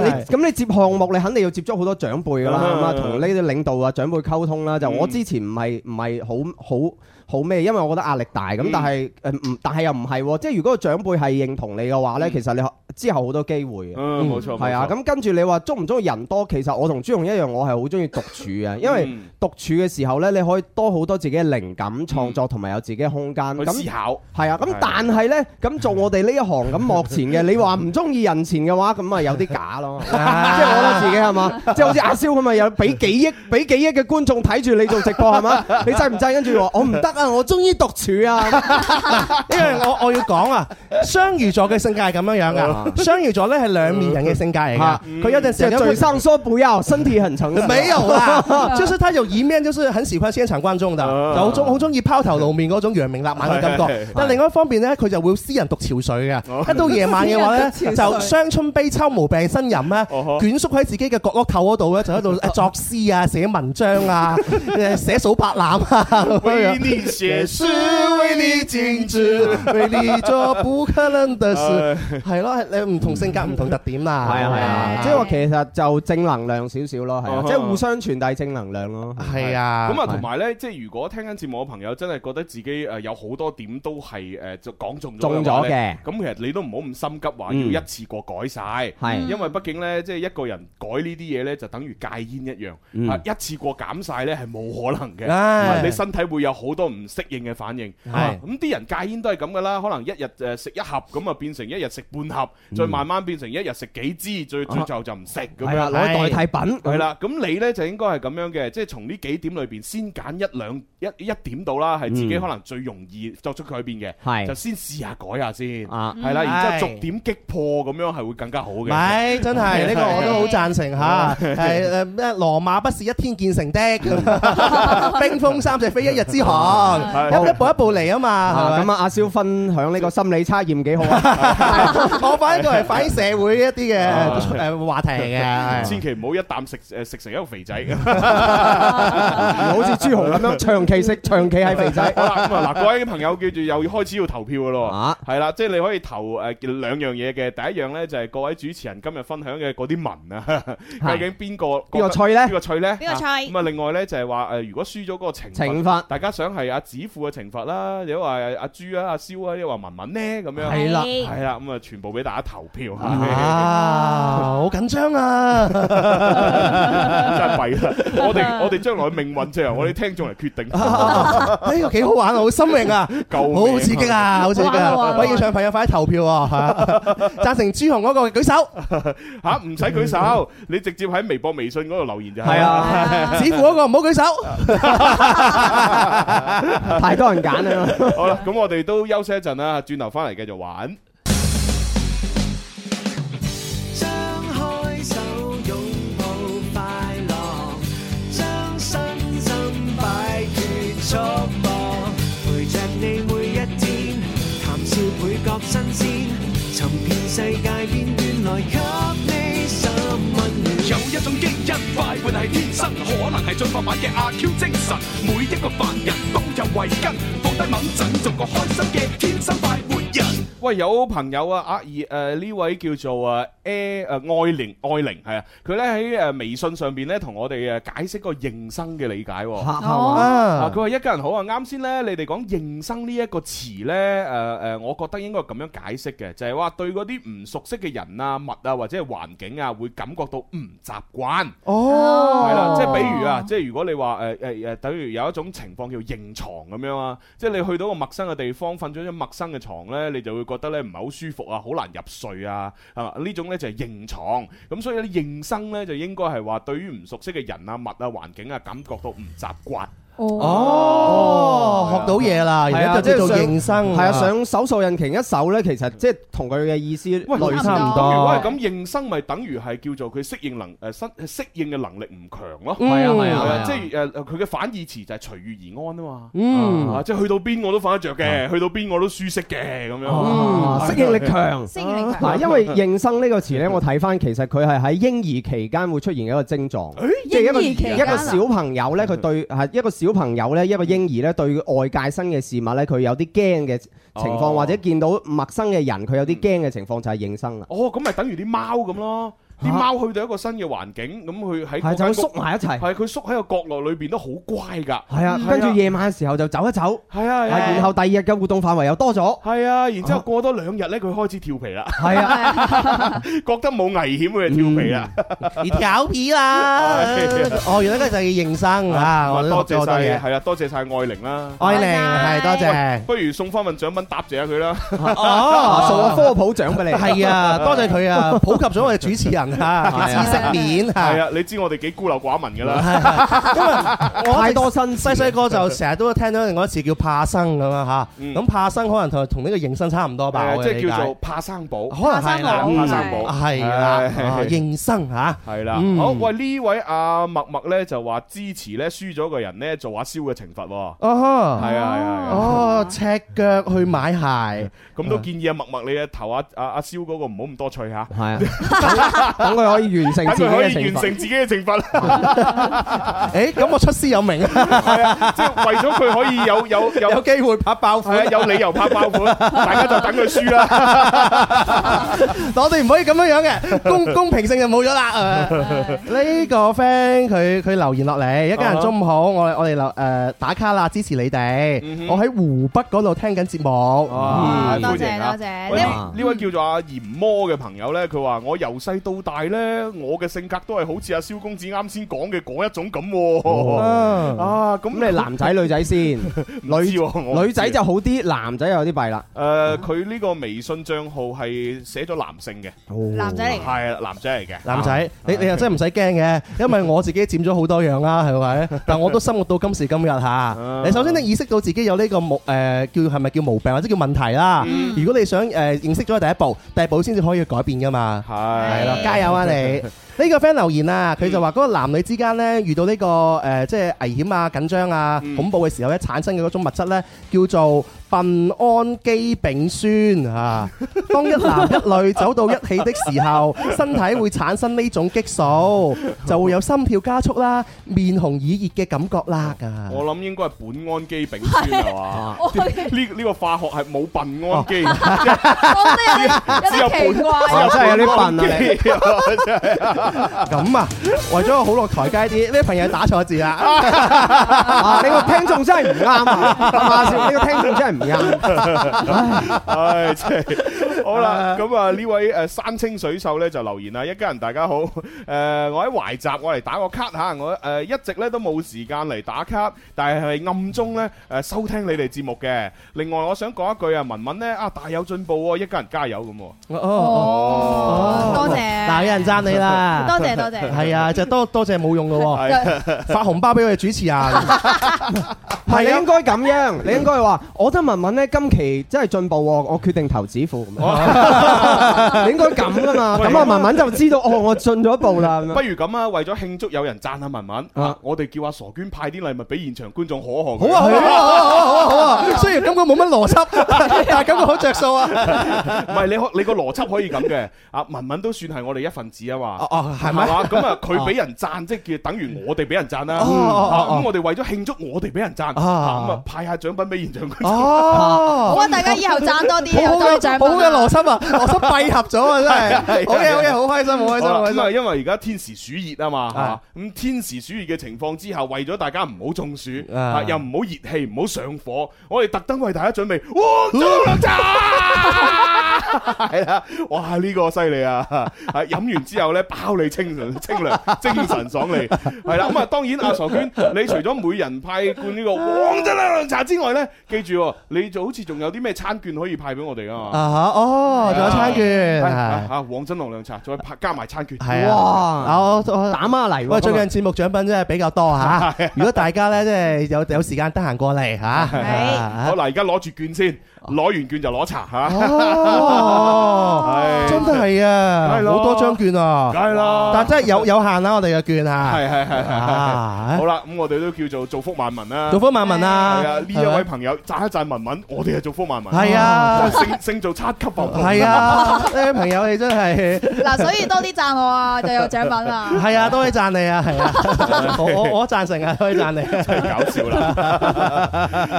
咁你接項目，你肯定要接觸好多長輩㗎喇，咁啊同呢啲領導啊長輩溝通啦。就、嗯、我之前唔係唔係好好。好咩？因為我覺得壓力大咁，但係誒唔，但係又唔係喎。即係如果個長輩係認同你嘅話咧，其實你之後好多機會。冇錯。係啊，咁跟住你話中唔中意人多？其實我同豬紅一樣，我係好中意獨處啊。因為獨處嘅時候咧，你可以多好多自己嘅靈感創作，同埋有自己嘅空間去思考。係啊，咁但係咧，咁做我哋呢一行咁幕前嘅，你話唔中意人前嘅話，咁咪有啲假咯。即係我覺得自己係嘛？即係好似阿蕭咁啊，有俾幾億俾幾億嘅觀眾睇住你做直播係嘛？你制唔制？跟住我唔得啊！我中意獨處啊！因為我我要講啊，雙魚座嘅性格係咁樣樣噶。雙魚座咧係兩面人嘅性格嚟噶。佢有陣時嘴上說不要，身體很誠實。沒有啦，就是他有一面，就是很喜歡現場觀眾的，好中好中意拋頭露面嗰種揚名立萬嘅感覺。但係另外一方面咧，佢就會私人獨潮水嘅。一到夜晚嘅話咧，就傷春悲秋無病呻吟咧，捲縮喺自己嘅角落頭嗰度咧，就喺度作詩啊、寫文章啊、誒寫數白欖啊咁樣。也是為你盡職，為你做不可能的事。係咯，你唔同性格唔同特點啊。係啊係啊，即係話其實就正能量少少咯，係啊，即係互相傳遞正能量咯。係啊，咁啊同埋咧，即係如果聽緊節目嘅朋友，真係覺得自己誒有好多點都係誒就講中咗，中咗嘅。咁其實你都唔好咁心急，話要一次過改曬，係，因為畢竟咧，即係一個人改呢啲嘢咧，就等於戒煙一樣，一次過減曬咧係冇可能嘅，你身體會有好多。唔適應嘅反應，係咁啲人戒煙都係咁噶啦，可能一日誒食一盒，咁啊變成一日食半盒，再慢慢變成一日食幾支，再最後就唔食咁樣，攞代替品係啦。咁你咧就應該係咁樣嘅，即係從呢幾點裏邊先揀一兩一一點到啦，係自己可能最容易作出改變嘅，係就先試下改下先，係啦，然之後逐點擊破咁樣係會更加好嘅，係真係呢個我都好贊成嚇，係誒咩羅馬不是一天建成的，冰封三尺非一日之寒。一步一步嚟啊嘛，咁啊阿蕭分享呢個心理測驗幾好啊！我反一啲係反社會一啲嘅誒話題嚟嘅，千祈唔好一啖食誒食成一個肥仔，唔好似豬紅咁樣長期食長期係肥仔。好啦，咁啊嗱，各位朋友叫住又要開始要投票噶咯，係啦，即係你可以投誒兩樣嘢嘅，第一樣咧就係各位主持人今日分享嘅嗰啲文啊，究竟邊個邊個趣咧？邊個趣咧？邊個趣？咁啊另外咧就係話誒如果輸咗嗰個懲懲罰，大家想係。.阿子富嘅懲罰啦，你話阿朱啊、阿蕭啊，你話文文咧咁樣，係啦，係啦，咁啊，全部俾大家投票啊，好緊張啊，真係弊啦！我哋我哋將來嘅命運就由我哋聽眾嚟決定，呢個幾好玩啊，好心明啊，好刺激啊，好刺激，歡迎常朋友快啲投票啊，贊成朱紅嗰個舉手，吓唔使舉手，你直接喺微博、微信嗰度留言就係，子富嗰個唔好舉手。 (laughs) 太多人揀啦。 (laughs) 好啦，咁我哋都休息一陣啦，轉頭翻嚟繼續玩。快活係天生，可能係進化版嘅阿 Q 精神。每一個凡人都有慧根，放低敏感，做個開心嘅天生快活人。喂，有好朋友啊，阿二，誒呢位叫做啊 A，誒愛玲，愛玲係啊，佢咧喺誒微信上邊咧同我哋誒解釋個認生嘅理解。嚇！啊，佢話一家人好啊，啱先咧你哋講認生呢一個詞咧，誒誒，我覺得應該咁樣解釋嘅，就係話對嗰啲唔熟悉嘅人啊、物啊或者係環境啊，會感覺到唔習慣。哦，係啦，即係比如啊，即係如果你話誒誒誒，等於有一種情況叫認牀咁樣啊，即係你去到個陌生嘅地方，瞓咗張陌生嘅牀咧，你就會覺得咧唔係好舒服啊，好難入睡啊，係嘛，呢種呢就係認床。咁所以咧認生呢，就應該係話對於唔熟悉嘅人啊、物啊、環境啊，感覺到唔習慣。哦哦，學到嘢啦，係啊，而家就做認生，係啊，想搜索引擎一搜咧，其實即係同佢嘅意思類差唔多。如果係咁認生，咪等於係叫做佢適應能誒適適應嘅能力唔強咯。係啊係啊，即係誒佢嘅反義詞就係隨遇而安啊嘛。嗯，即係去到邊我都瞓得著嘅，去到邊我都舒適嘅咁樣。嗯，適應力強，適應力強。嗱，因為認生呢個詞咧，我睇翻其實佢係喺嬰兒期間會出現一個症狀，即係一個一個小朋友咧，佢對係一個。小朋友呢，一個嬰兒呢，對外界新嘅事物呢，佢有啲驚嘅情況，哦、或者見到陌生嘅人，佢有啲驚嘅情況就係認生啦。哦，咁咪等於啲貓咁咯。 (laughs) 啲貓去到一個新嘅環境，咁佢喺係就縮埋一齊，係佢縮喺個角落裏邊都好乖噶。係啊，跟住夜晚嘅時候就走一走，係啊，然後第二日嘅活動範圍又多咗，係啊，然之後過多兩日咧，佢開始調皮啦，係啊，覺得冇危險佢就調皮啦，而調皮啦，哦，原來都係要認生啊！我多謝晒，係啊，多謝晒愛玲啦，愛玲係多謝，不如送翻份獎品答謝下佢啦，哦，送個科普獎俾你，係啊，多謝佢啊，普及咗我哋主持人。知識面係啊！你知我哋幾孤陋寡聞噶啦，因為太多新，細細個就成日都聽到嗰詞叫怕生咁啦吓。咁怕生可能同同呢個認生差唔多吧？即係叫做怕生寶，可能係怕生寶係啦，認生吓係啦。好喂，呢位阿默默咧就話支持咧輸咗個人咧做阿蕭嘅懲罰。哦，係啊係啊，哦赤腳去買鞋，咁都建議阿默默你啊投阿阿阿蕭嗰個唔好咁多趣吓。係啊。等佢可以完成自己嘅懲罰。等佢可以完成自己嘅懲罰啦。誒，咁我出師有名啊。係啊，即係為咗佢可以有有有機會拍爆盤，有理由拍爆盤，大家就等佢輸啦。我哋唔可以咁樣樣嘅，公公平性就冇咗啦。呢個 friend 佢佢留言落嚟，一家人中午好，我哋我哋留誒打卡啦，支持你哋。我喺湖北嗰度聽緊節目。多謝多謝。呢位叫做阿炎魔嘅朋友咧，佢話我由西到。但係咧，我嘅性格都係好似阿肖公子啱先講嘅嗰一種咁。啊，咁你男仔女仔先？女女仔就好啲，男仔有啲弊啦。誒，佢呢個微信賬號係寫咗男性嘅，男仔嚟嘅，係男仔嚟嘅。男仔，你你又真係唔使驚嘅，因為我自己佔咗好多樣啦，係咪？但我都生活到今時今日吓。你首先你意識到自己有呢個冇誒叫係咪叫毛病或者叫問題啦。如果你想誒認識咗第一步，第二步先至可以去改變噶嘛。係。係啦。加油啊你！呢個 friend 留言啊，佢就話嗰個男女之間呢，遇到呢、呢個誒、呃、即係危險啊、緊張啊、恐怖嘅時候咧，產生嘅嗰種物質呢，叫做苯胺基丙酸啊。當一男一女走到一起的時候， (laughs) 身體會產生呢種激素， (laughs) 就會有心跳加速啦、面紅耳熱嘅感覺啦。我諗應該係苯胺基丙酸係嘛？呢呢、 (laughs) 呢個呢個化學係冇苯胺基， (laughs) 只有苯真係有啲笨啊！ (laughs) 你 (laughs) 咁啊，為咗好落台階啲，呢啲朋友打錯字啦！ (laughs) 啊，你個聽眾真係唔啱啊！啊 (laughs) 吧，笑你個聽眾真係唔啱。唉，真係。好啦，咁啊呢位誒山清水秀咧就留言啦，一家人大家好誒，我喺懷集，我嚟打個卡吓，我誒一直咧都冇時間嚟打卡，但係係暗中咧誒收聽你哋節目嘅。另外我想講一句啊，文文咧啊大有進步喎，一家人加油咁。哦哦，多謝，嗱有人讚你啦，多謝多謝，係啊，就多多謝冇用㗎，發紅包俾我哋主持人，係你應該咁樣，你應該話，我覺得文文咧今期真係進步，我決定投資喎。應該咁噶嘛，咁啊文文就知道哦，我進咗一步啦。不如咁啊，為咗慶祝有人讚啊文文，我哋叫阿傻娟派啲禮物俾現場觀眾可好。好啊，好啊，好啊，好啊。雖然感覺冇乜邏輯，但係感覺好着數啊。唔係你可，你個邏輯可以咁嘅。啊文文都算係我哋一份子啊嘛。哦係咪啊？咁啊，佢俾人讚，即係叫等於我哋俾人讚啦。哦咁我哋為咗慶祝我哋俾人讚，咁啊派下獎品俾現場觀眾。好啊，大家以後讚多啲，好開心啊！開心閉合咗啊！真係，OK，OK，好開心，好開心，吧開心因為因為而家天時暑熱啊嘛，咁的天時暑熱嘅情況之下，為咗大家唔好中暑，的又唔好熱氣，唔好上火，我哋特登為大家準備 (laughs) 係啦，哇呢個犀利啊！飲完之後咧，包你清涼、清涼、精神爽利。係啦，咁啊，當然阿傻娟，你除咗每人派罐呢個黃振龍涼茶之外咧，記住你就好似仲有啲咩餐券可以派俾我哋噶嘛？啊哦，仲有餐券啊，黃振龍涼茶，再有加埋餐券，係好打孖嚟。喂，最近節目獎品真係比較多吓。如果大家咧，即係有有時間得閒過嚟吓，好嗱，而家攞住券先。攞完券就攞茶，係真係啊好多張券啊，梗係啦，但係真係有有限啦，我哋嘅券啊，係係係係係，好啦，咁我哋都叫做祝福萬民啦，祝福萬民啊！呢一位朋友贊一贊文文，我哋就祝福萬民，係啊，升升做七級伯，係啊，呢位朋友你真係嗱，所以多啲贊我啊，就有奬品啦，係啊，多啲贊你啊，係啊，我我贊成啊，多啲贊你，真係搞笑啦！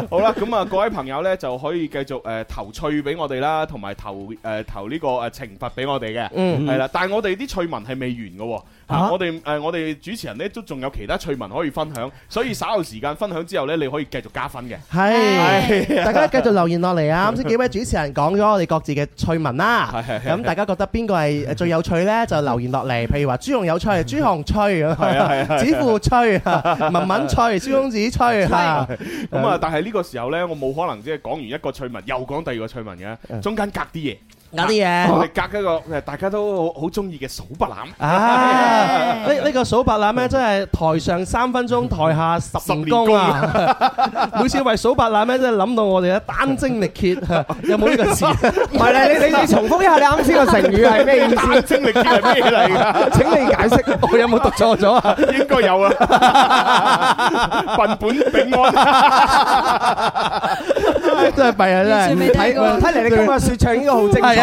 好啦，咁啊，各位朋友咧就可以繼續。做、呃、投趣俾我哋啦，同埋投誒、呃、投呢個誒懲罰俾我哋嘅，係啦、mm hmm.，但係我哋啲趣聞係未完㗎、哦。啊！我哋誒、啊、我哋主持人咧都仲有其他趣聞可以分享，所以稍後時間分享之後咧，你可以繼續加分嘅。係，大家繼續留言落嚟啊！啱先幾位主持人講咗我哋各自嘅趣聞啦，咁大家覺得邊個係最有趣咧？就留言落嚟，譬如話豬紅有趣，豬紅趣，係啊係啊，子富趣，文文趣，孫公子趣。」係。咁啊，但係呢個時候咧，我冇可能即係講完一個趣聞又講第二個趣聞嘅，中間隔啲嘢。 (music) 有啲嘢，我哋隔一個大家都好好中意嘅數白欖。啊！呢呢、啊，這個數白欖咧，真係台上三分鐘，台下十年功啊！ (laughs) 每次為數白欖咧，真係諗到我哋咧單精力竭，啊，有冇呢個詞？唔係你你你重複一下你啱先嘅成語係咩？意思？ (laughs) 精力竭係咩嚟噶？請你解釋，我有冇讀錯咗？ (laughs) 應該有啊！ (laughs) 笨本並我 (laughs) (laughs) 真係弊啊！真係睇睇嚟你今日說唱應該好精。 (laughs)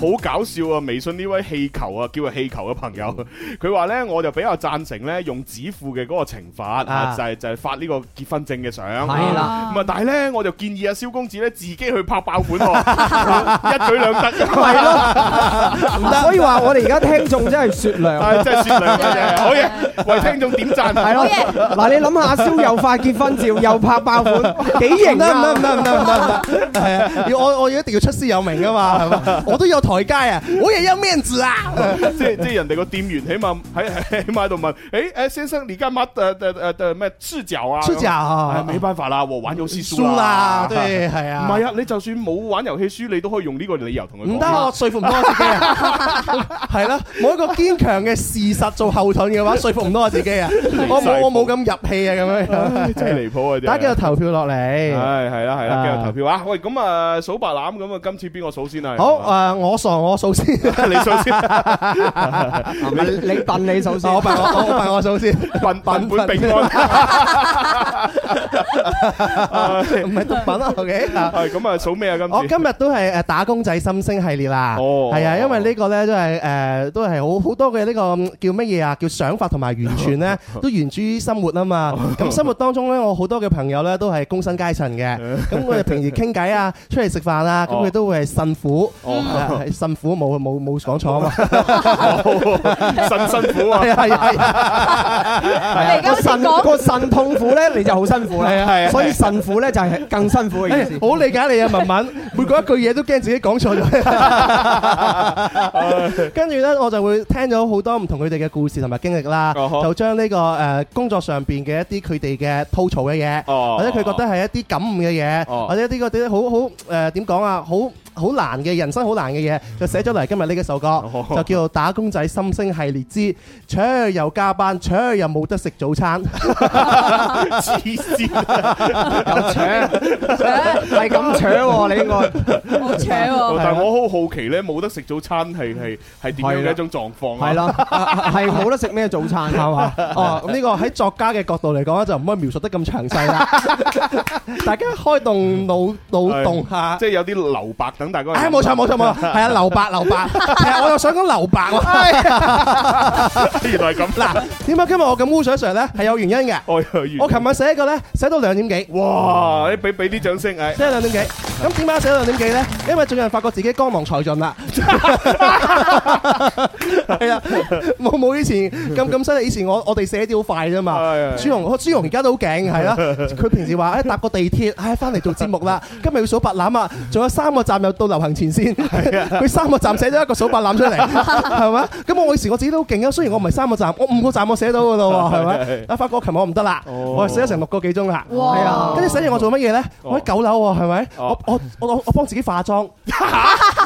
好搞笑啊！微信呢位氣球啊，叫佢氣球嘅朋友，佢話咧，我就比較贊成咧，用指父嘅嗰個懲罰，就係就係發呢個結婚證嘅相。係啦，咁啊，但係咧，我就建議阿蕭公子咧，自己去拍爆款，一舉兩得。係咯，唔得。所以話我哋而家聽眾真係雪亮。係真係雪亮嘅嘢。好嘅，為聽眾點讚。係咯，嗱，你諗下，蕭又發結婚照，又拍爆款，幾型啊？唔得唔得唔得，係啊！我我一定要出師有名噶嘛，我都有。台街啊，我也要面子啊！ (laughs) 即係即係人哋個店員起碼喺喺度問，誒、欸、誒，先生你而家乜誒誒咩？出、呃、腳、呃呃、啊？出腳、哎、啊？係啊，冇辦法啦，我玩遊戲輸啦，對係啊，唔係啊，你就算冇玩遊戲輸，你都可以用呢個理由同佢唔得，我說服唔到我自己啊，係啦， (laughs) (laughs) (laughs) 冇一個堅強嘅事實做後盾嘅話，說服唔到我自己啊， (laughs) 我冇我冇咁入戲啊，咁樣、 (laughs) 哎、真係離譜啊！打幾個投票落嚟，係係啦係啦，繼續投票， (laughs) 哎哎哎、投票啊！喂，咁啊數白欖咁啊，今次邊個數先好啊？好誒，我。數我數先。你數先。你笨。你數先。我笨。我我笨我數先，笨笨本平安，唔係毒品啊，OK，係咁啊，數咩啊咁？我今日都係誒打工仔心聲系列，啦，係啊，因為呢個咧都係誒都係好好多嘅呢個叫乜嘢啊？叫想法同埋完全咧，都源自於生活啊嘛。咁生活當中咧，我好多嘅朋友咧都係工薪階層嘅，咁我哋平時傾偈啊，出嚟食飯啊，咁佢都會係辛苦。腎苦冇冇冇講錯啊嘛，腎辛苦啊，係係係，個腎個腎痛苦咧，你就好辛苦咧，係啊，所以腎苦咧就係更辛苦嘅意思。好理解你啊，文文，每個一句嘢都驚自己講錯咗。跟住咧，我就會聽咗好多唔同佢哋嘅故事同埋經歷啦，就將呢個誒工作上邊嘅一啲佢哋嘅吐槽嘅嘢，或者佢覺得係一啲感悟嘅嘢，或者一啲個啲好好誒點講啊好。好難嘅人生，好難嘅嘢，就寫咗嚟今日呢一首歌，就叫做《打工仔心聲系列之》，扯又加班，扯又冇得食早餐，黐 (laughs) 線病、啊， (laughs) 又扯取，係咁扯喎，你應該冇扯喎。但係我好好奇咧，冇得食早餐係係係點樣嘅一種狀況咧、啊？係 (laughs) 咯，係冇得食咩早餐係嘛？ (laughs) 哦，呢個喺作家嘅角度嚟講咧，就唔可以描述得咁詳細啦。 (laughs) 大家開動腦腦洞嚇，即係、 (laughs) (noise) 就是、有啲留白。大哥，哎，冇錯冇錯冇錯，係啊，劉白劉白，其實我又想講劉白喎。原來咁嗱，點解今日我咁污水水咧？係有原因嘅。我有，我琴日寫一個咧，寫到兩點幾。哇！俾俾啲掌聲啊！真係兩點幾。咁點解寫到兩點幾咧？因為仲有人發覺自己光芒才盡啦。係啊，冇冇以前咁咁犀利。以前我我哋寫啲好快啫嘛。豬紅豬紅而家都好勁，係啦。佢平時話：哎，搭個地鐵，哎，翻嚟做節目啦。今日要數白欖啊！仲有三個站有。到流行前線，佢 (laughs) 三個站寫咗一個數白欖出嚟，係咪？ (laughs) 咁我嗰時我自己都勁啊，雖然我唔係三個站，我五個站我寫到嘅咯喎，係咪？但發覺琴晚我唔得啦，oh. 我寫咗成六個幾鐘啦，係啊，跟住寫完我做乜嘢咧？我喺九樓喎，係咪？我我我我幫自己化妝， (laughs)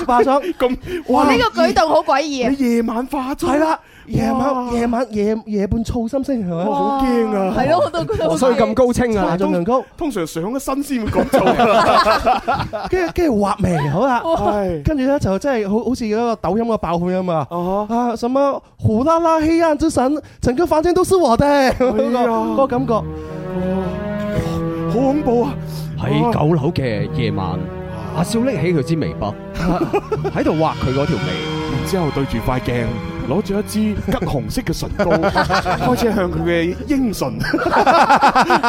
化妝咁 (laughs) 哇，呢 (laughs) 個舉動好詭異， (laughs) 你夜晚化妝係啦。 (laughs) 夜晚夜哇晚夜夜半躁心聲，我好驚啊！係咯、啊，我都覺得我咁高清啊！仲能夠通常上咗新先嘅做啦，跟住跟住畫眉好啦、啊，跟住咧就真係好好似嗰個抖音個爆款咁啊哈！啊什麼胡啦啦黑暗之神，曾經反正都是我的，嗰、啊、 (laughs) 個感覺好恐怖啊！喺九樓嘅夜晚，阿少拎起佢支眉筆，喺度畫佢嗰條眉，然之後，後，後對住塊鏡。攞住一支桔紅色嘅唇膏，開始向佢嘅英唇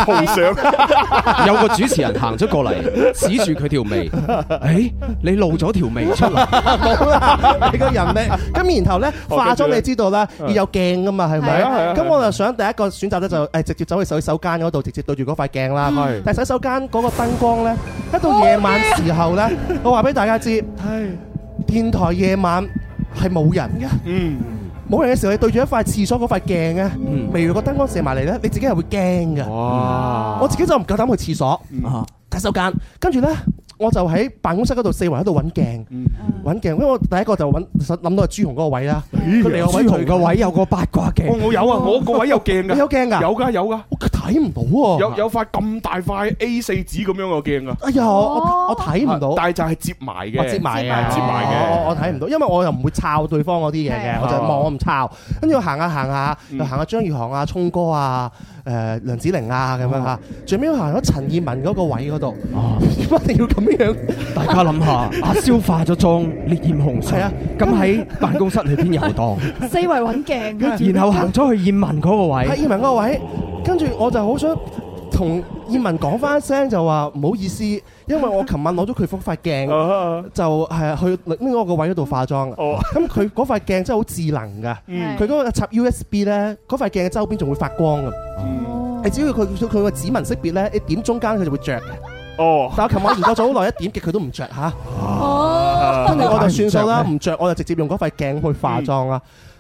塗上。有個主持人行咗過嚟，指住佢條眉，誒，你露咗條眉出嚟，冇啦，你個人咩？咁然後咧，化妝你知道啦，要有鏡噶嘛，係咪？啊，係啊。咁我就想第一個選擇咧，就誒直接走去洗手間嗰度，直接對住嗰塊鏡啦。係。但係洗手間嗰個燈光咧，一到夜晚時候咧，我話俾大家知，係電台夜晚。係冇人嘅，冇、嗯、人嘅時候你對住一塊廁所嗰塊鏡啊，例如個燈光射埋嚟咧，你自己係會驚嘅。哇我自己就唔夠膽去廁所啊，洗、嗯、手間，跟住咧。我就喺辦公室嗰度四圍喺度揾鏡，揾鏡，因為我第一個就揾諗到豬紅嗰個位啦。豬紅個位有個八卦鏡，我有啊，我個位有鏡㗎，有鏡㗎，有㗎有㗎。佢睇唔到喎，有有塊咁大塊 A 四紙咁樣個鏡啊。哎呀，我我睇唔到，但係就係接埋嘅，接埋接埋嘅。我我睇唔到，因為我又唔會抄對方嗰啲嘢嘅，我就望我唔抄。跟住我行下行下，又行下張宇航啊，聰哥啊。誒、呃、梁子玲啊，咁樣嚇，最尾行咗陳燕文嗰個位嗰度，點解、啊、 (laughs) 要咁樣。大家諗下， (laughs) 阿蕭化咗妝，烈焰紅唇，啊，咁喺辦公室裏邊遊蕩。 (laughs) 四圍揾鏡，啊、然後行咗去燕、啊、文嗰個位，喺燕文嗰個位，跟住我就好想。同燕問講翻聲就話唔好意思，因為我琴晚攞咗佢幅塊鏡，uh huh. 就係去另外個位嗰度化妝。咁佢嗰塊鏡真係好智能噶，佢嗰個插 U S B 呢，嗰塊鏡嘅周邊仲會發光㗎。誒、uh，huh. 只要佢佢個指紋識別呢，一點中間佢就會着。嘅、uh。Huh. 但係我琴晚研究咗好耐，一點擊佢 (laughs) 都唔着。著，跟住我就算數啦，唔着，我就直接用嗰塊鏡去化妝啦。Uh huh.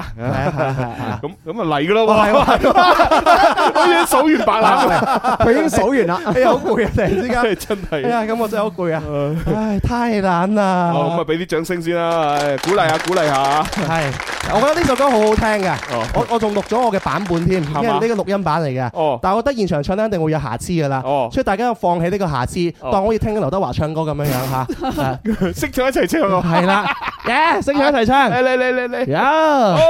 咁咁啊嚟噶咯喎！我已經數完白欖，佢已經數完啦。哎好攰啊！突然之間真係，哎呀，咁我真係好攰啊！唉，太懶啦！咁啊，俾啲掌聲先啦，鼓勵下，鼓勵下。係，我覺得呢首歌好好聽噶。我我仲錄咗我嘅版本添，因為呢個錄音版嚟嘅。哦，但係我覺得現場唱咧，一定會有瑕疵噶啦。哦，所以大家要放棄呢個瑕疵，當可以聽緊劉德華唱歌咁樣樣吓。識唱一齊唱，係啦，識唱一齊唱嚟嚟嚟嚟嚟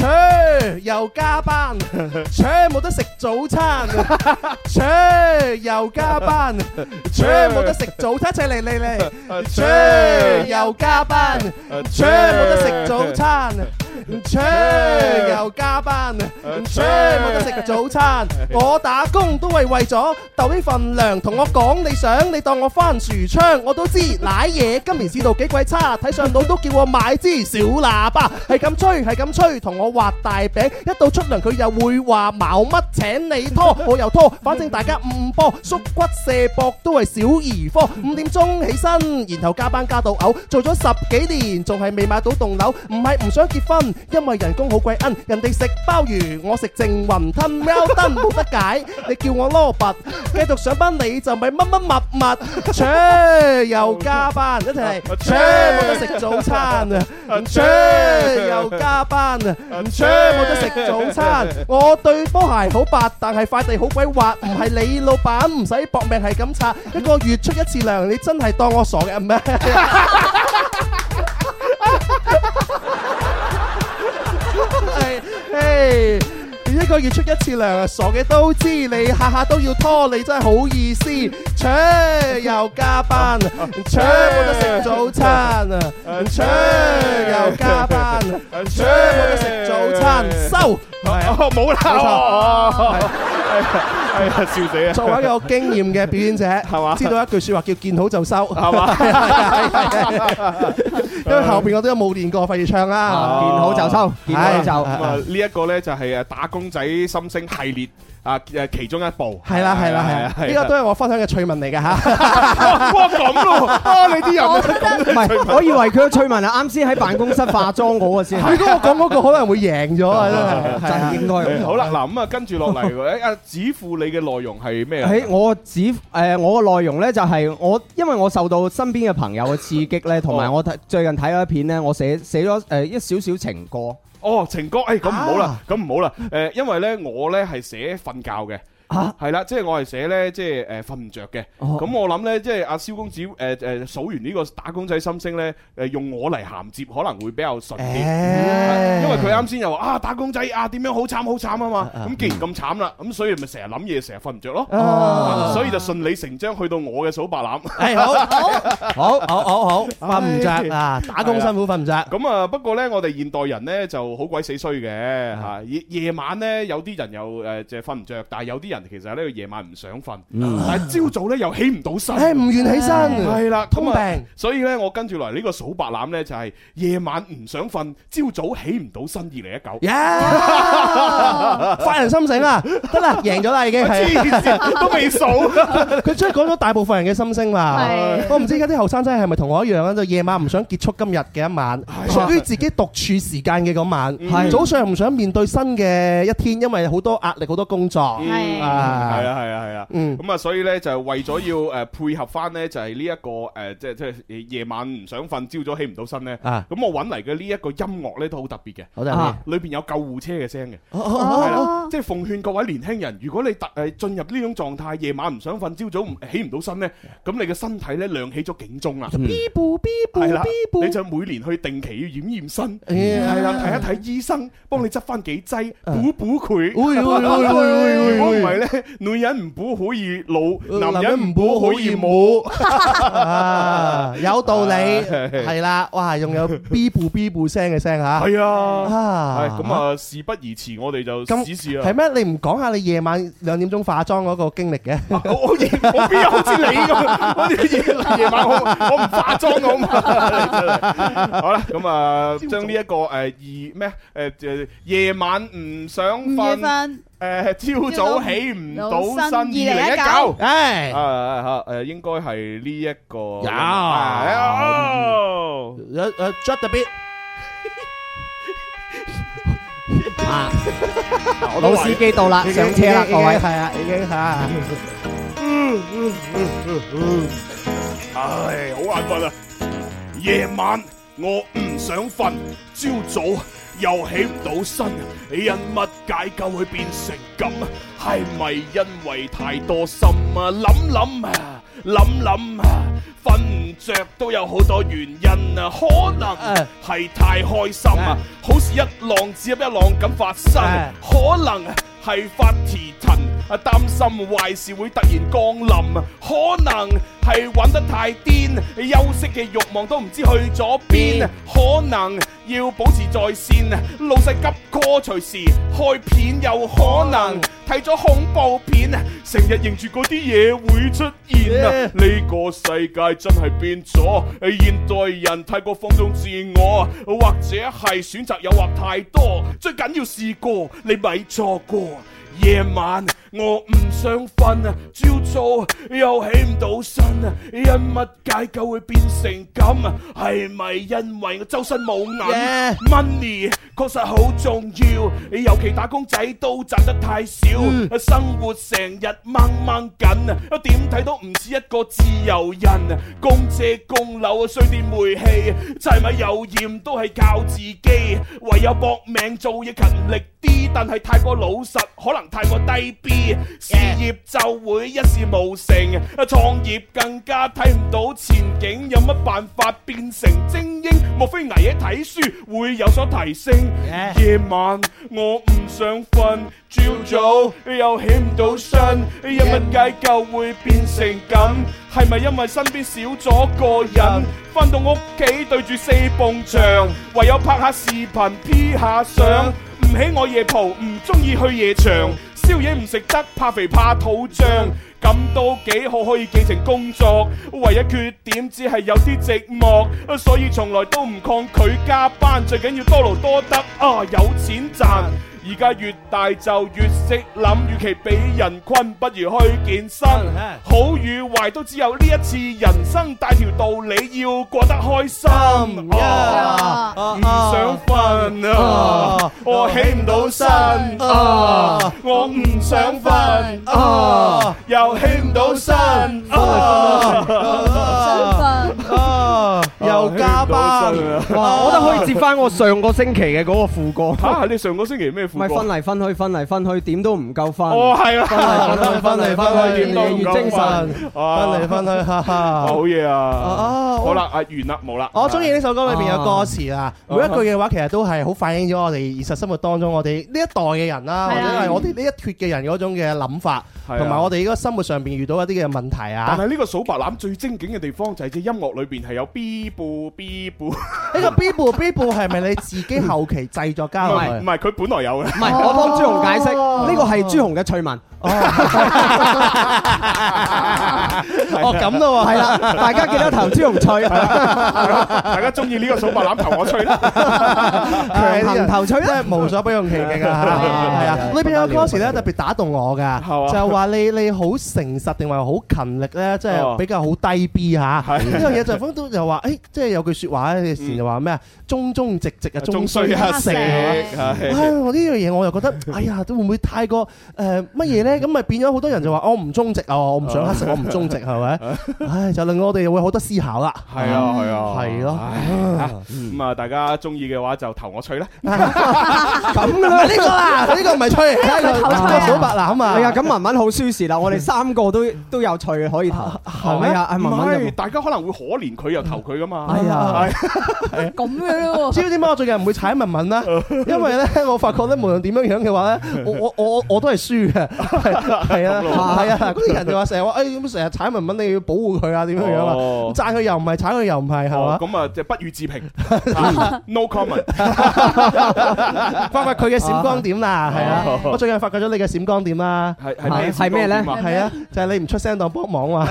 吹又加班，吹冇得， (laughs) 得，得食早餐。吹又加班，吹冇得食早餐。請嚟嚟嚟，吹又加班，吹冇得食早餐。唔吹又加班，唔吹冇得食早餐。我打工都係為咗斗啲份糧，同我講你想，你當我番薯槍，我都知。奶嘢今年市道幾鬼差，睇上腦都叫我買支小喇叭，係咁吹，係咁吹，同我。畫大餅，一到出糧佢又會話冇乜，請你拖我又拖，反正大家唔波，縮骨射膊都係小兒科。五點鐘起身，然後加班加到嘔，做咗十幾年仲係未買到棟樓，唔係唔想結婚，因為人工好貴。恩，人哋食鮑魚，我食淨雲吞喵，燈冇得解。你叫我羅拔，繼續上班你就咪乜乜密密扯又加班，一定係扯冇得食早餐啊扯、呃、又加班啊。唔、嗯、出冇得食早餐，我對波鞋好白，但係塊地好鬼滑，唔係你老闆唔使搏命係咁擦，一個月出一次糧，你真係當我傻嘅咩？咪？呢個月出一次糧，傻嘅都知你下下都要拖你，你真係好意思搶又加班搶冇得食早餐啊搶又加班搶冇得食早餐，收，冇啦。錯係啊，笑死啊！作為一個有經驗嘅表演者係嘛，知道一句說話叫見好就收係嘛。因為後邊我都有冇練過，費事唱啦。見好就收，見好就咁啊！呢一個咧就係誒打工仔心聲系列啊誒其中一部係啦係啦係啊！呢個都係我分享嘅趣聞嚟嘅吓。哇咁咯，啊你啲人唔係，我以為佢嘅趣聞係啱先喺辦公室化妝好嘅先。如果我講嗰個可能會贏咗啊！真係真應該。好啦，咁啊，跟住落嚟誒。指負你嘅內容係咩？喺我指誒、呃，我嘅內容呢，就係我，因為我受到身邊嘅朋友嘅刺激呢，同埋我睇最近睇咗一篇呢，我寫寫咗誒、呃、一少少情歌。哦，情歌，誒咁唔好啦，咁唔、啊、好啦，誒、呃、因為呢，我呢係寫瞓覺嘅。嚇係啦，即係我係寫咧，即係誒瞓唔著嘅。咁我諗咧，即係阿蕭公子誒誒數完呢個打工仔心聲咧，誒用我嚟銜接可能會比較順啲，因為佢啱先又話啊打工仔啊點樣好慘好慘啊嘛。咁既然咁慘啦，咁所以咪成日諗嘢，成日瞓唔著咯。所以就順理成章去到我嘅數白欖。係好好好好好好瞓唔著啊，打工辛苦瞓唔著。咁啊不過咧，我哋現代人咧就好鬼死衰嘅嚇。夜晚咧有啲人又誒即係瞓唔著，但係有啲人。其實呢個夜晚唔想瞓，但係朝早咧又起唔到身，誒唔願起身，係啦，通病。所以咧，我跟住嚟呢個數白欖咧，就係夜晚唔想瞓，朝早起唔到身，二零一九，吓，發人心醒啦，得啦，贏咗啦，已經，都未數，佢真係講咗大部分人嘅心聲啦。我唔知而家啲後生仔係咪同我一樣咧，就夜晚唔想結束今日嘅一晚，屬於自己獨處時間嘅嗰晚，早上唔想面對新嘅一天，因為好多壓力，好多工作。係啊係啊係啊，咁啊所以咧就為咗要誒配合翻咧就係呢一個誒即係即係夜晚唔想瞓，朝早起唔到身咧，咁我搵嚟嘅呢一個音樂咧都好特別嘅，裏邊有救護車嘅聲嘅，係啦，即係奉勸各位年輕人，如果你特誒進入呢種狀態，夜晚唔想瞓，朝早起唔到身咧，咁你嘅身體咧亮起咗警鐘啦，係啦，你就每年去定期要驗驗身，係啦，睇一睇醫生，幫你執翻幾劑補補佢。女人唔好可以老，男人唔好可以冇。啊，有道理，係啦，哇，仲有，B 步 B 步聲嘅聲吓，係啊，咁啊，事不宜遲，我哋就指示啦。係咩？你唔講下你夜晚兩點鐘化妝嗰個經歷嘅？我我邊有好似你咁，好似夜晚我我唔化妝咁啊？好啦，咁啊，將呢一個誒二咩誒誒夜晚唔想瞓。誒，朝早起唔到身，二零一九，誒，誒，吓，誒，應該係呢一個，有，有，誒，誒，just a bit，啊，老司機到啦，上車啦，各位，係啊，依家睇下，嗯嗯嗯嗯嗯，唉，好眼瞓啊，夜晚我唔想瞓，朝早，又起唔到身，因乜解究佢變成咁？係咪因為太多心啊？諗諗啊，諗諗啊，瞓唔着都有好多原因啊。可能係太開心啊，好似一浪接一浪咁發生。可能係發黐。啊！擔心壞事會突然降臨，可能係玩得太癲，休息嘅欲望都唔知去咗邊。可能要保持在線，老細急 call 隨時開片，又可能睇咗恐怖片，成日認住嗰啲嘢會出現。Yeah. 呢個世界真係變咗，現代人太過放縱自我，或者係選擇誘惑太多，最緊要試過，你咪錯過夜晚。我唔想瞓，啊，朝早又起唔到身，啊，因乜解究，會變成咁？係咪因為我周身冇銀 Yeah.？Money 確實好重要，尤其打工仔都賺得太少，mm. 生活成日掹掹緊，又點睇都唔似一個自由人。啊，供借供樓，啊，水電煤氣，柴米油鹽都係靠自己，唯有搏命做嘢勤力啲，但係太過老實，可能太過低 B。事業就會一事無成，創業更加睇唔到前景。有乜辦法變成精英？莫非捱夜睇書會有所提升？Yeah. 夜晚我唔想瞓，朝早，早又起唔到身。因乜解救會變成咁？係咪因為身邊少咗個人？翻 Yeah. 到屋企對住四埲牆，唯有拍下視頻 P 下相。唔起我夜蒲，唔中意去夜場，宵夜唔食得，怕肥怕肚脹。咁都幾好，可以繼承工作。唯一缺點只係有啲寂寞，所以從來都唔抗拒加班。最緊要多勞多得啊，有錢賺。而家越大就越識諗，與其俾人困，不如去健身。好與壞都只有呢一次人生，大條道理，要過得開心。唔想瞓啊！我起唔到身啊！我唔想瞓啊！又起唔到身啊！唔想瞓。又加班，我覺得可以接翻我上個星期嘅嗰個副歌。嚇，你上個星期咩副歌？咪分嚟分去，分嚟分去，點都唔夠分。哦，係啊，分嚟分去，點都唔夠。越嚟越精神，分嚟分去，哈哈。好嘢啊！啊，好啦，阿完啦，冇啦。我中意呢首歌裏面有歌詞啊，每一句嘅話其實都係好反映咗我哋現實生活當中我哋呢一代嘅人啦，或者係我哋呢一脱嘅人嗰種嘅諗法，同埋我哋呢個生活上邊遇到一啲嘅問題啊。但係呢個數白欖最精景嘅地方就係隻音樂裏邊係有 B。B 部 B 部呢個 B 部 B 部係咪你自己後期製作加？唔係，唔係，佢本來有嘅。唔係，我幫豬紅解釋呢個係豬紅嘅趣聞。哦咁咯，係啦，大家記得投豬紅趣。係大家中意呢個數白欖投我吹啦，強頭趣咧無所不用其極啊！係啊，裏邊有歌詞咧特別打動我噶，就話你你好誠實定話好勤力咧，即係比較好低 B 吓呢樣嘢。霆鋒都又話誒。即係有句說話咧，有時就話咩啊，忠忠直直啊，終衰乞食係唉，我呢樣嘢我又覺得，哎呀，都會唔會太過誒乜嘢咧？咁咪變咗好多人就話，我唔忠直啊，我唔想乞食，我唔忠直係咪？唉，就令我哋會好多思考啦。係啊，係啊，係咯。咁啊，大家中意嘅話就投我吹啦。咁呢個啊，呢個唔係吹，好白欖啊。係啊，咁文文好輸蝕啦，我哋三個都都有吹可以投，係咪啊？唔係，大家可能會可憐佢，又投佢咁。係啊，咁樣喎。知唔知點解我最近唔會踩文文啦？因為咧，我發覺咧，無論點樣樣嘅話咧，我我我我都係輸嘅，係啊，係啊。嗰啲人就話成日話，誒咁成日踩文文，你要保護佢啊，點樣樣啊？讚佢又唔係，踩佢又唔係，係嘛？咁啊，就不予置評，no comment。發掘佢嘅閃光點啦，係啊！我最近發掘咗你嘅閃光點啦，係係咩咧？係啊，就係你唔出聲當幫忙啊！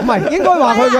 唔係應該話佢。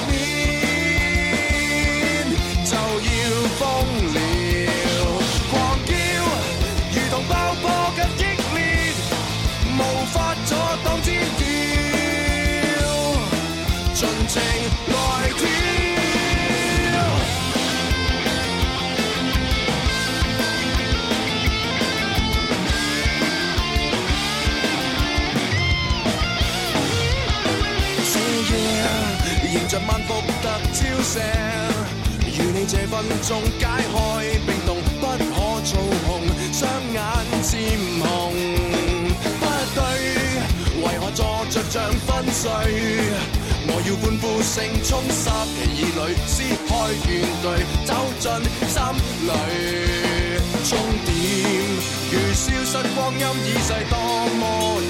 像萬伏特超射，與你這分鐘解開冰凍，不可操控，雙眼漸紅。 (noise) 不對，為何坐着像粉碎？我要歡呼聲沖刷耳裏，撕開怨懟，走進心裏。終點如消失光陰已逝，多麼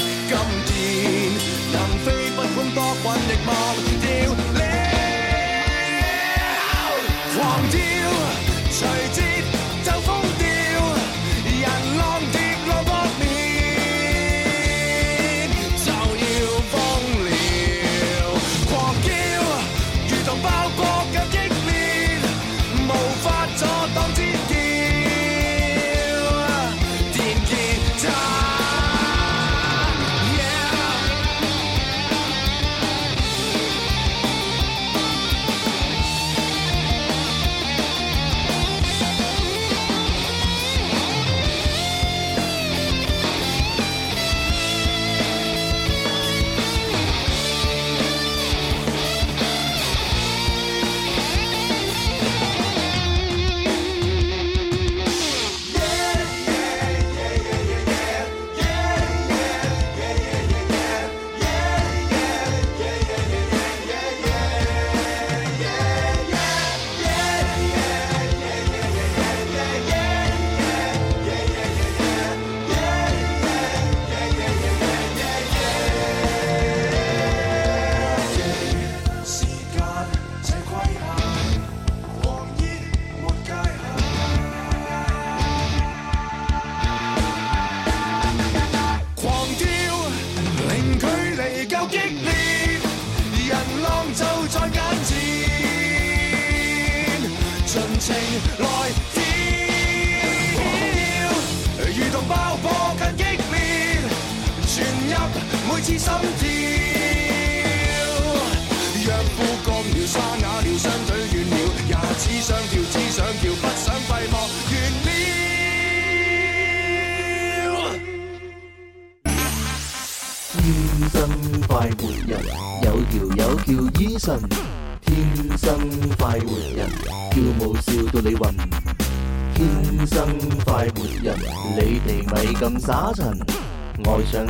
遠，今天。多困亦忘掉了，狂 (noise) 叫樂，隨知？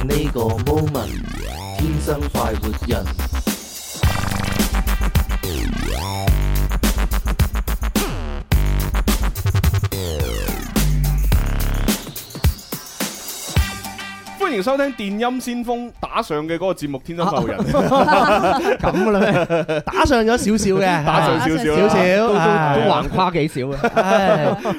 呢個 moment，天生快活人。歡迎收聽電音先鋒。打上嘅嗰個節目《天生發人》咁啦，打上咗少少嘅，打上少少，少少都都橫跨幾少嘅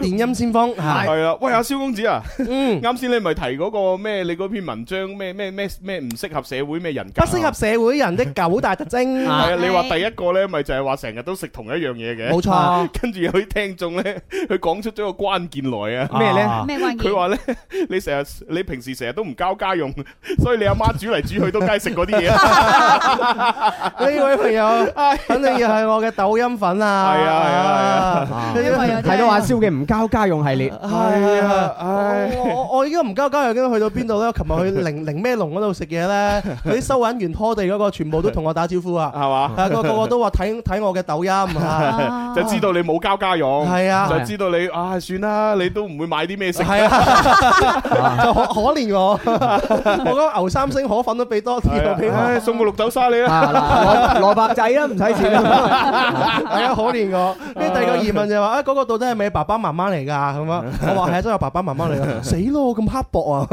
電音先鋒係啊。喂，阿蕭公子啊，嗯，啱先你咪提嗰個咩？你嗰篇文章咩咩咩咩唔適合社會咩人格？不適合社會人的九大特徵係啊！你話第一個咧，咪就係話成日都食同一樣嘢嘅，冇錯。跟住有啲聽眾咧，佢講出咗個關鍵來啊！咩咧？咩關鍵？佢話咧，你成日你平時成日都唔交家用，所以你阿媽煮嚟。煮佢都梗食啲嘢啊！呢位朋友肯定又係我嘅抖音粉啊！係啊係啊係啊！呢位朋友睇到阿蕭嘅唔交家用系列係啊！我我而家唔交家用，依家去到邊度咧？琴日去零零咩龍嗰度食嘢咧，啲收銀員拖地嗰個全部都同我打招呼啊！係嘛？係個個都話睇睇我嘅抖音，就知道你冇交家用，係啊，就知道你啊算啦，你都唔會買啲咩食，係啊，就可可憐我，我講牛三星可粉。都俾多啲，送個綠豆沙你啦，蘿蔔仔啦，唔使錢，係啊，大家可憐我。啲第二個疑問就話啊，嗰個到底係咪爸爸媽媽嚟噶咁啊？我話係真係爸爸媽媽嚟，死咯，咁刻薄啊！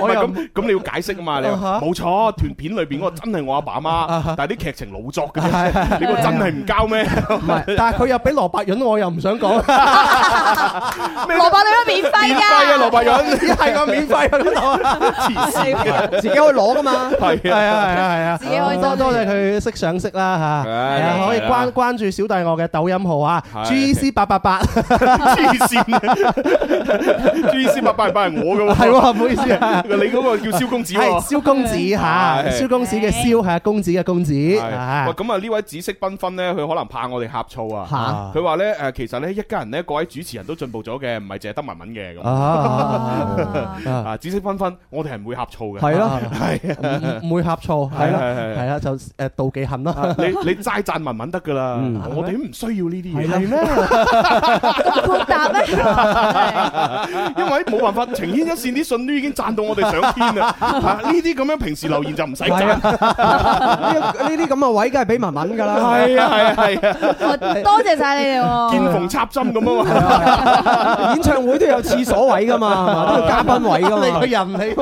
我又咁你要解釋啊嘛。你冇錯，短片裏邊嗰個真係我阿爸阿媽，但係啲劇情老作嘅啫。你個真係唔交咩？唔係，但係佢又俾蘿蔔引，我又唔想講。蘿蔔你都免費噶，蘿蔔引係個免費喺邊度啊？黐線，自己可以攞噶嘛？係啊，係啊，係啊，自己可以多多謝佢識賞識啦嚇。係啊，可以關關注小弟我嘅抖音號啊，GC 八八八。黐線，GC 八八八係我嘅喎。係，唔好意思，你嗰個叫肖公子喎。係肖公子嚇，肖公子嘅肖係公子嘅公子。喂，咁啊呢位紫色繽紛咧，佢可能怕我哋呷醋啊。嚇，佢話咧誒，其實咧一家人咧，各位主持人都進步咗嘅，唔係淨係得文文嘅咁。啊，紫色繽紛。我哋係唔會呷醋嘅，係咯，係唔會呷醋，係咯，係係啊，就誒妒忌恨咯。你你齋贊文文得㗎啦，我哋唔需要呢啲嘢，係咩？複雜咩？因為冇辦法情牽一線啲信都已經讚到我哋上天啦。呢啲咁樣平時留言就唔使贊。呢啲咁嘅位，梗係俾文文㗎啦。係啊係啊係啊！多謝晒你哋，見縫插針咁啊嘛！演唱會都有廁所位㗎嘛，都有嘉賓位㗎你嘅人氣。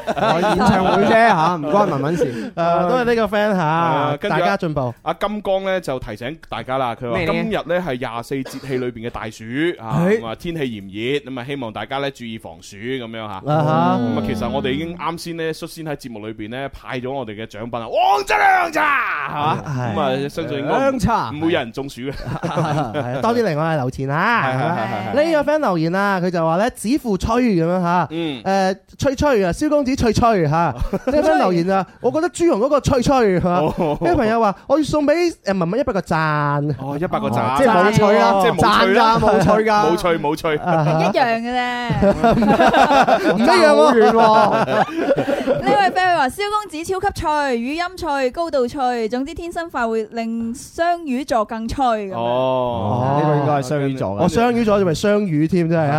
演唱會啫，吓，唔關文文事。誒，都係呢個 friend 吓，跟大家進步。阿金剛咧，就提醒大家啦，佢話今日咧，係廿四節氣裏邊嘅大暑，啊天氣炎熱，咁啊希望大家咧注意防暑咁樣吓。咁啊，其實我哋已經啱先咧率先喺節目裏邊咧派咗我哋嘅獎品啊，王汁涼茶，係嘛？咁啊，相信涼茶唔會有人中暑嘅。多啲嚟我哋留錢吓。呢個 friend 留言啊，佢就話咧指負吹咁樣吓。嗯，誒，吹吹啊，肖公子吹。吹，吓，有張留言啊！我覺得朱紅嗰個脆脆，咩朋友話我要送俾誒文文一百個贊，哦一百個贊，即係冇趣啦，即係冇趣啦，冇趣噶，冇趣冇趣，一樣嘅啫，唔一樣。呢位 friend 話蕭公子超級脆，語音脆，高度脆，總之天生快活，令雙魚座更脆哦，呢個應該係雙魚座，我雙魚座就係雙魚添，真係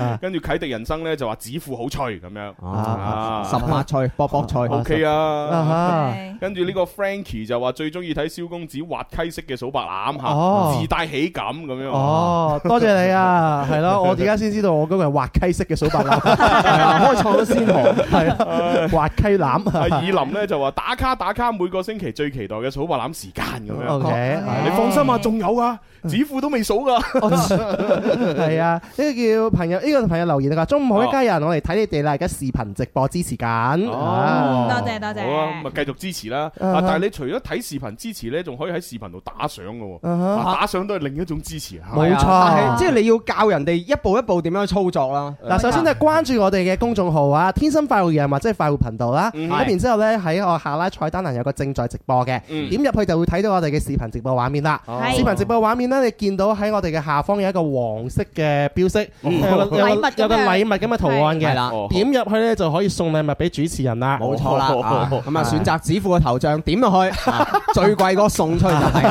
啊！跟住啟迪人生咧就話紫富好脆咁樣啊。馬賽博博賽 OK 啊，跟住呢個 Frankie 就話最中意睇蕭公子滑稽式嘅數白欖吓，自帶喜感咁樣。哦，多謝你啊，係咯，我而家先知道我今日滑稽式嘅數白欖，開錯咗先河，係滑稽欖。阿以林咧就話打卡打卡，每個星期最期待嘅數白欖時間咁樣。O K，你放心啊，仲有啊，指庫都未數噶。係啊，呢個叫朋友，呢個朋友留言啊，中午好一家人，我嚟睇你哋啦，而家視頻直播支持架。多謝多謝，咁咪繼續支持啦。但係你除咗睇視頻支持咧，仲可以喺視頻度打賞噶，打賞都係另一種支持吓。冇錯，即係你要教人哋一步一步點樣去操作啦。嗱，首先就係關注我哋嘅公眾號啊，天生快活人或者係快活頻道啦。咁然之後咧喺我下拉菜單欄有個正在直播嘅，點入去就會睇到我哋嘅視頻直播畫面啦。視頻直播畫面咧，你見到喺我哋嘅下方有一個黃色嘅標色標識，有個禮物咁嘅圖案嘅，點入去咧就可以送禮物。俾主持人啦，冇錯啦。咁啊，選擇指父嘅頭像，點落去最貴個送出去就係。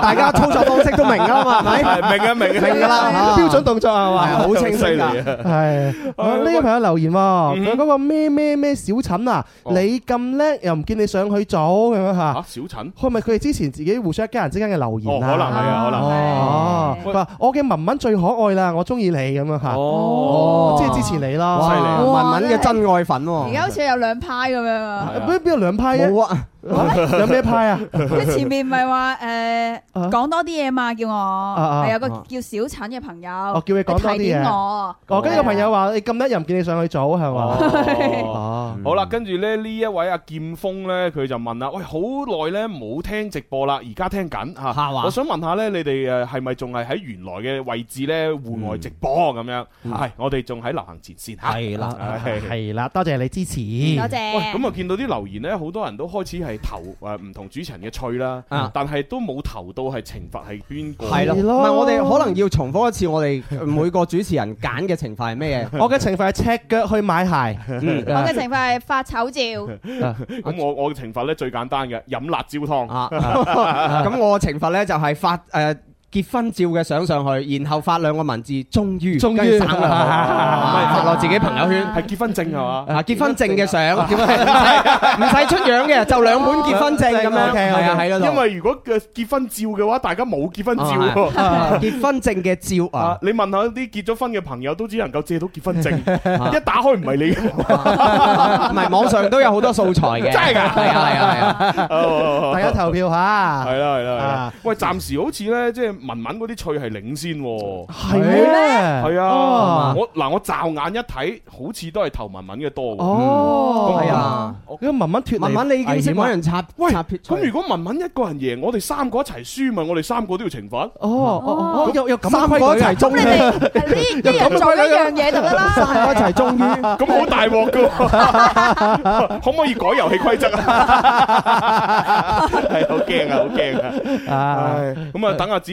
大家操作方式都明啊嘛，係明啊明啊，標準動作係嘛，好清晰啊。係呢個朋友留言，佢嗰個咩咩咩小陳啊，你咁叻又唔見你上去做咁樣吓？小陳係咪佢哋之前自己互相一家人之間嘅留言啊？可能係啊，可能哦。佢話我嘅文文最可愛啦，我中意你咁樣吓。哦，即係支持你囉。文文嘅真愛。而家好似有兩派咁樣啊！邊邊有兩派啊？有咩派啊？你前面唔係話誒講多啲嘢嘛？叫我係有個叫小陳嘅朋友，叫你講多啲。我。哦，跟住朋友話你咁得，又唔見你上去做係嘛？好啦，跟住咧呢一位阿劍鋒咧，佢就問啦：喂，好耐咧冇聽直播啦，而家聽緊吓，我想問下咧，你哋誒係咪仲係喺原來嘅位置咧戶外直播咁樣？係我哋仲喺流行前線吓，係啦，係啦，多謝你支持，多謝。咁啊見到啲留言咧，好多人都開始係。係投誒唔同主持人嘅趣啦，啊、但係都冇投到係懲罰係邊個係啦。唔係的我哋可能要重複一次，我哋每個主持人揀嘅懲罰係咩嘢？ (laughs) 我嘅懲罰係赤腳去買鞋， (laughs) 嗯、我嘅懲罰係發醜照。咁、啊啊、 (laughs) 我我嘅懲罰咧最簡單嘅，飲辣椒湯。咁我嘅懲罰咧就係發誒。結婚照嘅相上去，然後發兩個文字，終於終於唔係，發落自己朋友圈係結婚證係嘛？啊，結婚證嘅相，唔使出樣嘅，就兩本結婚證咁樣，因為如果嘅結婚照嘅話，大家冇結婚照，結婚證嘅照啊，你問下啲結咗婚嘅朋友，都只能夠借到結婚證，一打開唔係你，唔係網上都有好多素材嘅，真係噶，係啊，係啊，係啊，大家投票吓，係啦，係啦，喂，暫時好似咧，即係。文文嗰啲趣係領先，係咧？係啊，我嗱我驟眼一睇，好似都係投文文嘅多，哦，咁啊，咁文文脫，文文你已經識揾人插。喂，咁如果文文一個人贏，我哋三個一齊輸，咪，我哋三個都要懲罰，哦，哦，咁又又咁規則嘅，咁你哋呢啲要做一樣嘢就得啦，我一齊中，咁好大鑊㗎，可唔可以改遊戲規則啊？係好驚啊，好驚啊，唉，咁啊，等下子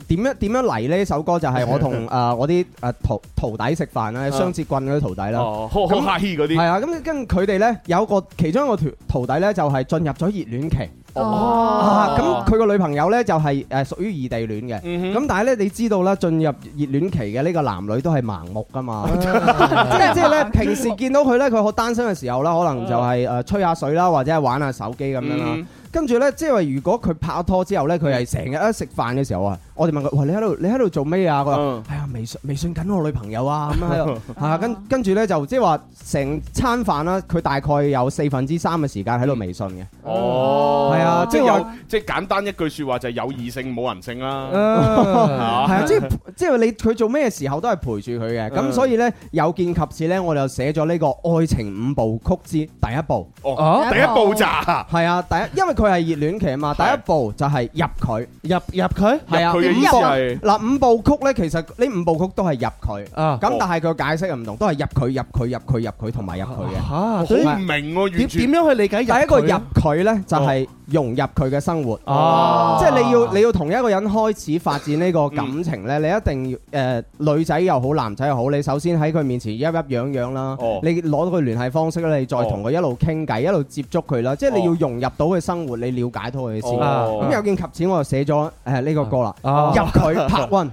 點樣點樣嚟，呢首歌就係、是、我同誒、uh，我啲誒徒徒弟食飯咧，雙節、嗯、棍嗰啲徒弟啦，咁客氣啲係啊，咁跟佢哋咧有個其中一個徒徒弟咧就係、是、進入咗熱戀期，咁佢、啊啊啊啊啊、個女朋友咧就係誒屬於異地戀嘅，咁但係咧你知道啦，進入熱戀期嘅呢個男女都係盲目噶嘛，即係咧平時見到佢咧，佢好單身嘅時候啦，可能就係誒吹下水啦，或者係玩下手機咁樣啦，跟住咧即係話如果佢拍咗拖之後咧，佢係成日一食飯嘅時候啊。我哋問佢：哇！你喺度，你喺度做咩啊？佢話：係啊，微信微信緊我女朋友啊。咁啊，跟跟住咧就即係話，成餐飯啦，佢大概有四分之三嘅時間喺度微信嘅。哦，係啊，即係有，即係簡單一句説話就係有異性冇人性啦。係啊，即係即係你佢做咩時候都係陪住佢嘅。咁所以咧有見及此咧，我哋就寫咗呢個愛情五部曲之第一部。哦，第一步咋？係啊，第一，因為佢係熱戀期啊嘛。第一步就係入佢，入入佢。係啊。五部嗱五部曲咧，其實呢五部曲都係入佢，咁但係佢解釋又唔同，都係入佢入佢入佢入佢同埋入佢嘅。吓好唔明喎，點點樣去理解？第一個入佢咧，就係融入佢嘅生活。即係你要你要同一個人開始發展呢個感情咧，你一定要誒女仔又好男仔又好，你首先喺佢面前一一樣樣啦，你攞到佢聯繫方式咧，你再同佢一路傾偈一路接觸佢啦，即係你要融入到佢生活，你了解到佢先。咁有件及錢，我就寫咗誒呢個歌啦。入佢 part one，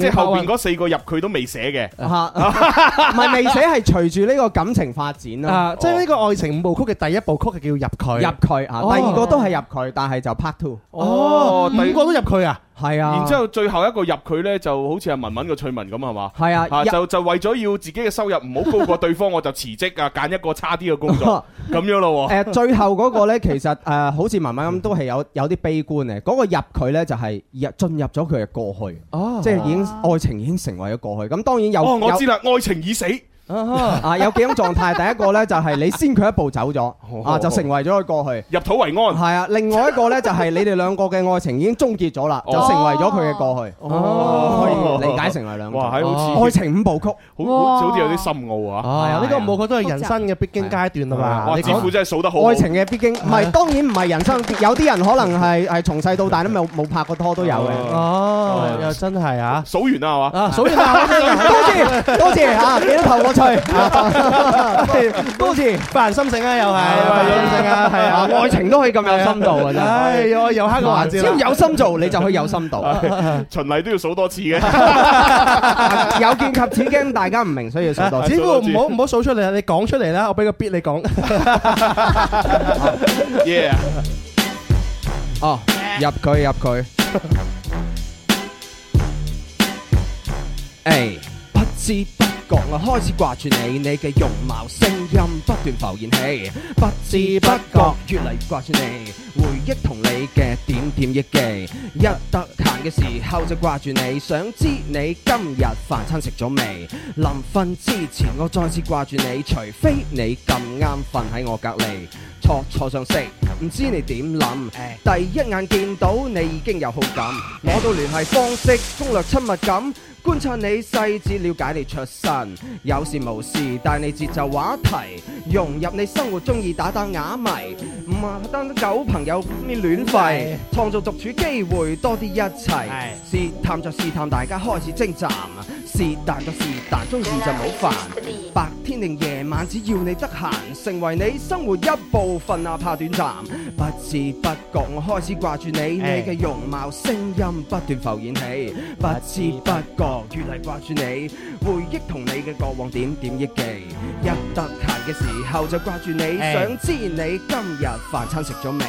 即係後邊嗰四個入佢都未寫嘅，唔係 (laughs) (laughs) 未寫係隨住呢個感情發展啊。 (laughs) 即係呢個愛情五部曲嘅第一部曲係叫入佢，入佢啊，哦、第二個都係入佢，哦、但係就 part two。哦，五個都入佢啊。係啊，然之後最後一個入佢呢，就好似係文文個趣聞咁啊，係嘛？係啊，入 就就為咗要自己嘅收入唔好高過對方， (laughs) 我就辭職啊，揀一個差啲嘅工作，咁 (laughs) 樣咯。誒、呃，最後嗰個呢， (laughs) 其實誒、呃，好似文文咁，都係有有啲悲觀嘅。嗰、那個入佢呢，就係、是、入進入咗佢嘅過去，啊、即係已經愛情已經成為咗過去。咁當然有，哦、我知啦，有愛情已死。啊，有幾種狀態。第一個咧就係你先佢一步走咗，啊就成為咗佢過去。入土為安。係啊，另外一個咧就係你哋兩個嘅愛情已經終結咗啦，就成為咗佢嘅過去。哦，可以理解成為兩個。哇，係好似愛情五部曲，好似有啲深奧啊。係啊，呢個五部曲都係人生嘅必經階段啦嘛。哇，真係數得好。愛情嘅必經，唔係當然唔係人生。有啲人可能係係從細到大都冇冇拍過拖都有嘅。哦，又真係啊。數完啦係嘛？啊，數完啦。多謝多謝啊，幾多係，都似發人心醒啊，又係發人心醒啊，係啊，愛情都可以咁有深度啊，真係。唉，又又開個環節。只要有心做，你就可以有深度。循例都要數多次嘅。有見及此驚大家唔明，所以要數多次。只不過唔好唔好數出嚟啊！你講出嚟啦，我俾個 beat 你講。Yeah。哦，入佢入佢。誒，不知不。我開始掛住你，你嘅容貌聲音不斷浮現起，不知不覺越嚟越掛住你，回憶同你嘅點點憶記，一得閒嘅時候就掛住你，想知你今日飯餐食咗未，臨瞓之前我再次掛住你，除非你咁啱瞓喺我隔離，錯錯想識，唔知你點諗，第一眼見到你已經有好感，攞到聯繫方式，攻略親密感。觀察你細緻，了解你出身。有事無事帶你節奏話題，融入你生活，中意打打啞謎。五萬單狗朋友咪亂吠，創造獨處機會多啲一齊。哎、試探就試探大家開始征戰。是但就是但，中意就冇煩。白天定夜晚，只要你得閒，成為你生活一部分啊，怕短暫。不知不覺我開始掛住你，哎、你嘅容貌聲音不斷浮現起，不知不覺。越嚟掛住你，回憶同你嘅過往點點憶記，一得閒嘅時候就掛住你，欸、想知你今日飯餐食咗未？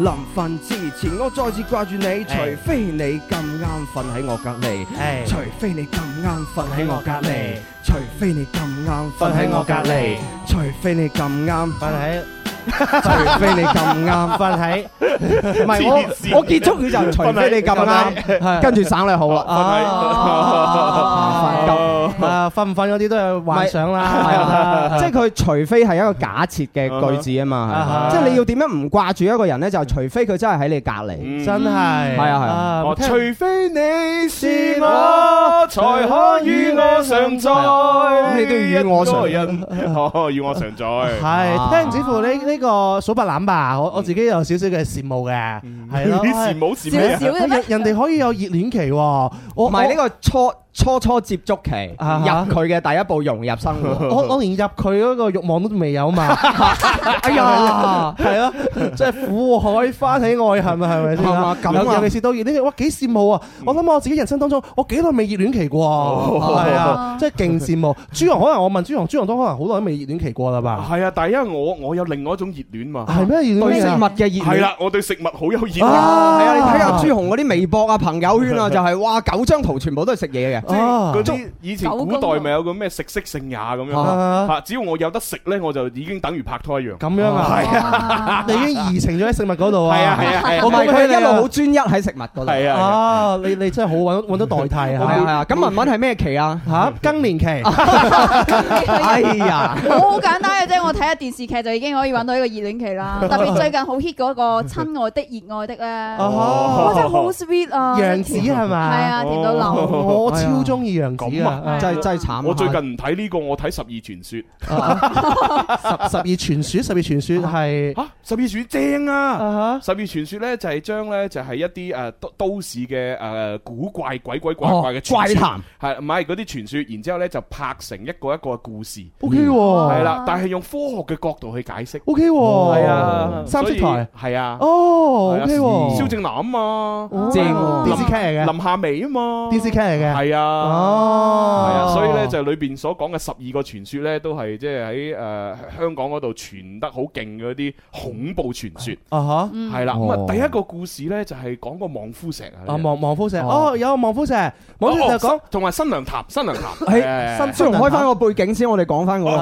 臨瞓之前我再次掛住你，欸、除非你咁啱瞓喺我隔籬，欸、除非你咁啱瞓喺我隔籬。欸.除非你咁啱瞓喺我隔籬，除非你咁啱瞓喺，除非你咁啱瞓喺，唔係，我我結束語就除非你咁啱，跟住省略號啦。啊，瞓唔瞓嗰啲都係幻想啦，即係佢除非係一個假設嘅句子啊嘛，即係你要點樣唔掛住一個人咧，就除非佢真係喺你隔籬，真係係啊係啊。除非你是我，才可與我常在。你都要與我常，與我常在。係聽唔知乎？呢呢個數白欖吧，我我自己有少少嘅羨慕嘅，係咯，羨慕羨慕。人哋可以有熱戀期，我唔係呢個錯。初初接觸期，入佢嘅第一步融入生活，我我連入佢嗰個慾望都未有嘛，哎呀，係啊，即係苦海翻起愛恨，係咪先？係嘛，咁啊，尤其是到熱戀，哇幾羨慕啊！我諗我自己人生當中，我幾耐未熱戀期過，係啊，即係勁羨慕豬紅。可能我問豬紅，豬紅都可能好耐都未熱戀期過啦吧？係啊，但係因為我我有另外一種熱戀嘛，係咩？對食物嘅熱戀係啦，我對食物好有熱戀啊！係啊，你睇下豬紅嗰啲微博啊、朋友圈啊，就係哇九張圖全部都係食嘢嘅。即係嗰啲以前古代咪有個咩食色性也咁樣，嚇只要我有得食咧，我就已經等於拍拖一樣。咁樣啊，係啊，你已經移情咗喺食物嗰度啊。係啊係啊，我睇佢一路好專一喺食物嗰度。係啊，啊你你真係好揾揾到代替係啊。咁文文係咩期啊？嚇更年期。哎呀，好簡單嘅啫，我睇下電視劇就已經可以揾到一個熱戀期啦。特別最近好 hit 嗰個親愛的熱愛的咧，哇真係好 sweet 啊。楊紫係嘛？係啊，甜到流汗。都中意楊紫啊！真係真係慘，我最近唔睇呢個，我睇《十二傳說》。十《十二傳說》《十二傳說》係《十二傳說》正啊！《十二傳說》咧就係將咧就係一啲誒都市嘅，誒古怪鬼鬼怪怪嘅怪談係，唔係嗰啲傳說，然之後咧就拍成一個一個故事。O K，係啦，但係用科學嘅角度去解釋。O K，係啊，三色台係啊，哦，O K，蕭正楠啊嘛，正電視劇嚟嘅，林夏薇啊嘛，電視劇嚟嘅，係啊。 (noise) 哦，係啊，所以咧就裏邊所講嘅十二個傳說咧、呃，都係即係喺誒香港嗰度傳得好勁嘅嗰啲恐怖傳說。啊吓，係啦，咁啊第一個故事咧就係講個望夫石啊，望望夫石，哦，哦，有望夫石，冇錯就講同埋新娘塔，新娘塔，誒， (laughs) 先開翻個背景先，我哋講翻個望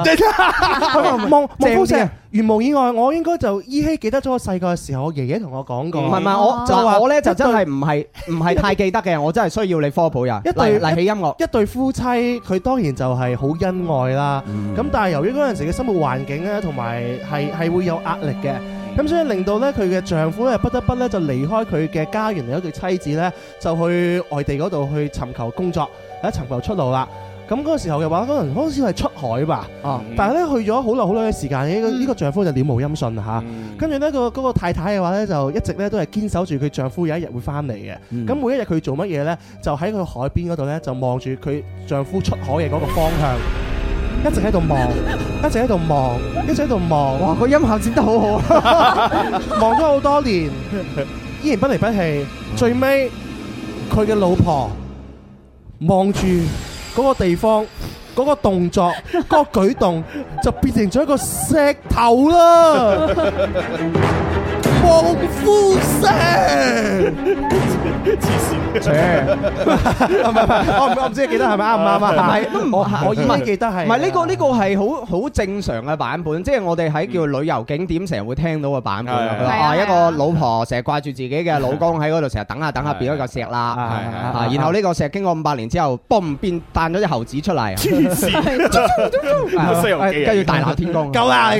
望夫石、啊。如無意外，我應該就依稀記得咗我細個嘅時候，我爺爺同我講過。唔係唔係，我、啊、就我咧就真係唔係唔係太記得嘅，我真係需要你科普呀。嚟嚟起音樂，一,一對夫妻佢當然就係好恩愛啦。咁、嗯、但係由於嗰陣時嘅生活環境咧，同埋係係會有壓力嘅，咁所以令到咧佢嘅丈夫咧不得不咧就離開佢嘅家園，嚟咗對妻子咧就去外地嗰度去尋求工作，去尋求出路啦。咁嗰個時候嘅話，可能好似係出海吧，哦、啊，嗯、但係咧去咗好耐好耐嘅時間，呢個呢個丈夫就了無音訊吓，嗯、跟住呢、嗰個、嗰個太太嘅話咧就一直咧都係堅守住佢丈夫有一日會翻嚟嘅，咁、嗯、每一日佢做乜嘢呢？就喺佢海邊嗰度呢，就望住佢丈夫出海嘅嗰個方向，一直喺度望，一直喺度望，一直喺度望，哇個音效剪得好好，望咗好多年，依然不離不棄，最尾佢嘅老婆婆望住。嗰個地方，嗰、那個動作，嗰、那個舉動， (laughs) 就變成咗一個石頭啦。 (laughs) 暴呼聲，黐線，唔係唔係，我唔知記得係咪啱唔啱啊？唔係，都唔我依家記得係。唔係呢個呢個係好好正常嘅版本，即係我哋喺叫旅遊景點成日會聽到嘅版本啊！一個老婆成日掛住自己嘅老公喺嗰度，成日等下等下變咗嚿石啦，然後呢個石經過五百年之後，嘣變彈咗隻猴子出嚟，黐線，跟住大鬧天宮，夠啦，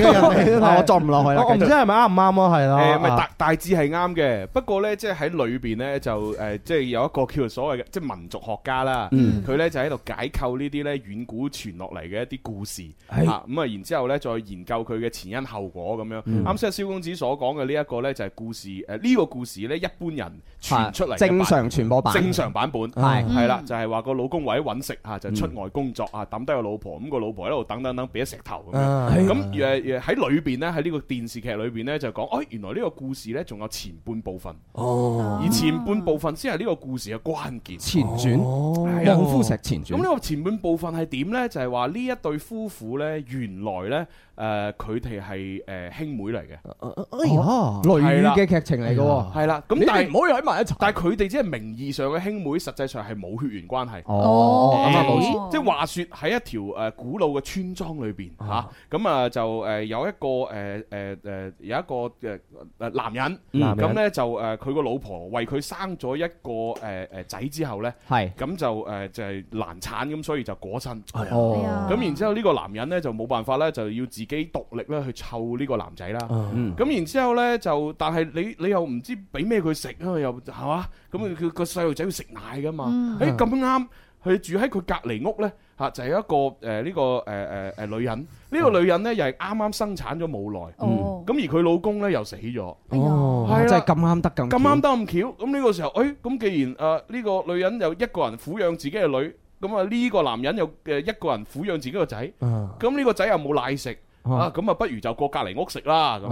我撞唔落去啦，我唔知係咪啱唔啱咯，係咯。大大致係啱嘅，不過呢，即係喺裏邊呢，就誒，即係有一個叫做所謂嘅即係民族學家啦，佢呢，就喺度解構呢啲呢遠古傳落嚟嘅一啲故事，嚇咁啊，然之後呢，再研究佢嘅前因後果咁樣。啱先阿蕭公子所講嘅呢一個呢，就係故事，誒呢個故事呢，一般人傳出嚟正常傳播版，正常版本係係啦，就係話個老公為咗揾食嚇就出外工作啊，抌低個老婆，咁個老婆喺度等等等俾咗石頭，咁喺裏邊呢，喺呢個電視劇裏邊呢，就講，哎原來呢個。故事咧仲有前半部分，而前半部分先係呢個故事嘅關鍵前傳，兩夫石前傳。咁呢個前半部分係點咧？就係話呢一對夫婦咧，原來咧誒佢哋係誒兄妹嚟嘅。哎呀，雷雨嘅劇情嚟噶，係啦。咁但係唔可以喺埋一齊。但係佢哋只係名義上嘅兄妹，實際上係冇血緣關係。哦，咁啊冇。即係話說喺一條誒古老嘅村莊裏邊吓，咁啊就誒有一個誒誒誒有一個嘅誒。男人咁、嗯、呢就誒，佢個、嗯、老婆為佢生咗一個誒誒、呃呃、仔之後咧，咁是、呃、就誒就係難產咁，所以就過身。哦，咁然之後呢個男人呢，就冇辦法呢，就要自己獨力呢去湊呢個男仔啦。咁、嗯、然之後呢，就，但係你你又唔知俾咩佢食啊？又係、那個、嘛？咁佢佢個細路仔要食奶噶嘛？誒咁啱。佢住喺佢隔籬屋咧，嚇就有一個誒呢個誒誒誒女人，呢個女人咧又係啱啱生產咗冇耐，咁而佢老公咧又死咗，真係咁啱得咁，咁啱得咁巧。咁呢個時候，誒咁既然誒呢個女人有一個人撫養自己嘅女，咁啊呢個男人有誒一個人撫養自己個仔，咁呢個仔又冇奶食。啊，咁啊，不如就過隔籬屋食啦，咁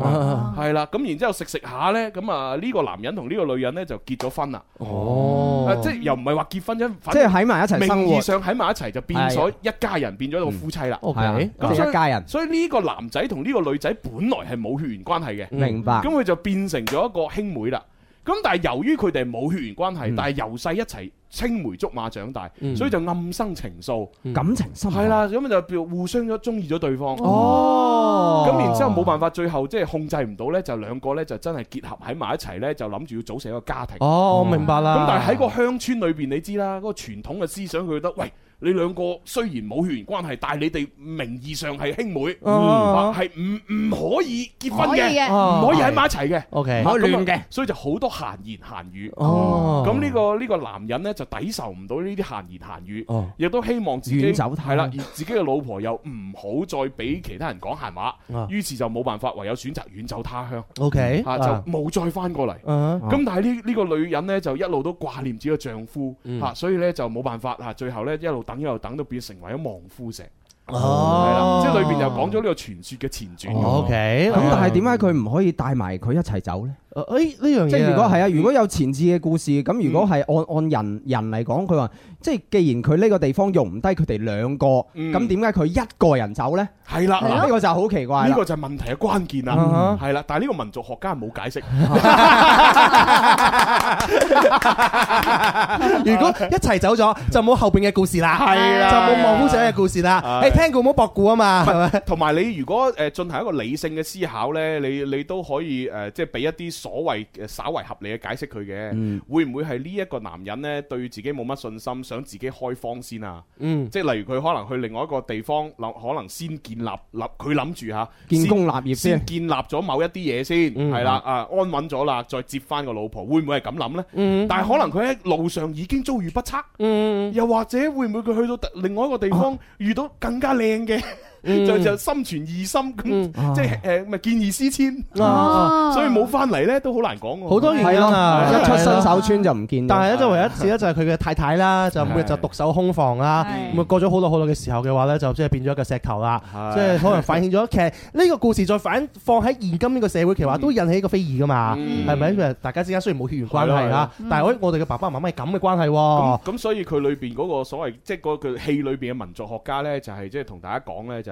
係啦，咁、啊、然之後食食下呢。咁啊呢個男人同呢個女人呢就結咗婚啦。哦，啊、即係又唔係話結婚啫，即係喺埋一齊，名義上喺埋一齊就變咗一家人，嗯、變咗一、嗯、一個夫妻啦。係、嗯 okay, 啊，咁所以一家人，所以呢個男仔同呢個女仔本來係冇血緣關係嘅，嗯、明白？咁佢就變成咗一個兄妹啦。咁但係由於佢哋冇血緣關係，嗯、但係由細一齊青梅竹馬長大，嗯、所以就暗生情愫，嗯、感情深。係啦，咁就互相咗中意咗對方。哦，咁、嗯、然後之後冇辦法，最後即係控制唔到呢，就兩個呢，就真係結合喺埋一齊呢，就諗住要組成一個家庭。哦，明白啦。咁、嗯、但係喺個鄉村裏邊，你知啦，嗰、嗰個傳統嘅思想佢覺得，喂。你兩個雖然冇血緣關係，但係你哋名義上係兄妹，係唔唔可以結婚嘅，唔可以喺埋一齊嘅。O K，可以咁亂嘅。所以就好多閒言閒語。哦，咁呢個呢個男人呢就抵受唔到呢啲閒言閒語，亦都希望自己係啦，而自己嘅老婆又唔好再俾其他人講閒話，於是就冇辦法唯有選擇遠走他鄉。O K，嚇就冇再翻過嚟。咁但係呢呢個女人呢，就一路都掛念自己丈夫嚇，所以呢就冇辦法嚇，最後呢，一路打等又等到變成為咗望夫石哦，係啦吧，即係裏邊又講咗呢個傳說嘅前傳。OK，咁但係點解佢唔可以帶埋佢一齊走咧？誒、啊，呢樣嘢，這個啊、即係如果係啊，如果有前置嘅故事，咁如果係按按人、嗯、按人嚟講，佢話。即係既然佢呢個地方容唔低佢哋兩個，咁點解佢一個人走呢？係啦，呢個就好奇怪。呢個就係問題嘅關鍵啦，係啦。但係呢個民族學家冇解釋。如果一齊走咗，就冇後邊嘅故事啦。係啦，就冇望夫仔嘅故事啦。你聽古冇博古啊嘛。同埋你如果誒進行一個理性嘅思考呢，你你都可以誒，即係俾一啲所謂稍為合理嘅解釋佢嘅。會唔會係呢一個男人呢？對自己冇乜信心？想自己開荒先啊，嗯、即係例如佢可能去另外一個地方諗，可能先建立立佢諗住嚇，建功立業先，先建立咗某一啲嘢先，係啦，啊安穩咗啦，再接翻個老婆，會唔會係咁諗呢？嗯、但係可能佢喺路上已經遭遇不測，嗯嗯、又或者會唔會佢去到另外一個地方遇到更加靚嘅？啊 (laughs) 就就心存疑心，即係誒咪見異思遷，所以冇翻嚟咧都好難講。好多原因啊！一出新手村就唔見。但係咧，就唯一一次咧，就係佢嘅太太啦，就每日就獨守空房啦。咁啊過咗好多好多嘅時候嘅話咧，就即係變咗一個石頭啦。即係可能反映咗其實呢個故事再反放喺現今呢個社會，其實都引起一個非議噶嘛。係咪大家之間雖然冇血緣關係啦，但係我哋嘅爸爸媽媽係咁嘅關係喎。咁所以佢裏邊嗰個所謂即係嗰個戲裏邊嘅民族學家咧，就係即係同大家講咧就。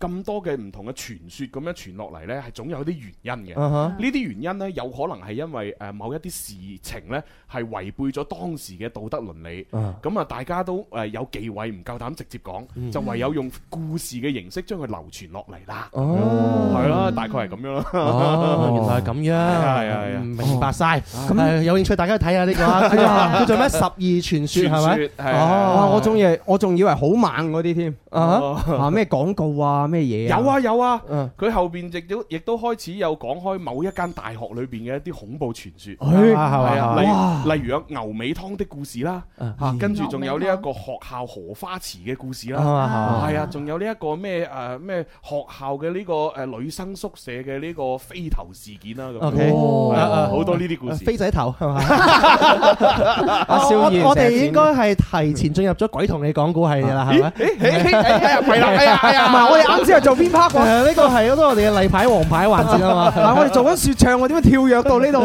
咁多嘅唔同嘅傳說咁樣傳落嚟咧，係總有啲原因嘅。呢啲原因咧，有可能係因為誒某一啲事情咧係違背咗當時嘅道德倫理。咁啊，大家都誒有忌諱，唔夠膽直接講，就唯有用故事嘅形式將佢流傳落嚟啦。哦，係咯，大概係咁樣咯。原來係咁樣，係啊係啊，明白晒。咁有興趣，大家睇下呢個叫做咩《十二傳說》，係咪？哦，我中意，我仲以為好猛嗰啲添。啊，咩廣告啊？咩嘢有啊有啊,佢後邊亦都亦都開始有講開某一間大學裏邊嘅一啲恐怖傳說，係啊，例如啊牛尾湯的故事啦跟住仲有呢一個學校荷花池嘅故事啦，係啊，仲有呢一個咩誒咩學校嘅呢個誒女生宿舍嘅呢個飛頭事件啦，咁好多呢啲故事，飛仔頭係嘛？阿肖，我哋應該係提前進入咗鬼同你講故係噶啦，係咪？係啊係啊係啊，係我哋之後做邊 part，誒呢個係好多我哋嘅例牌、王牌環節啊嘛。嗱，我哋做緊說唱，我點樣跳躍到呢度？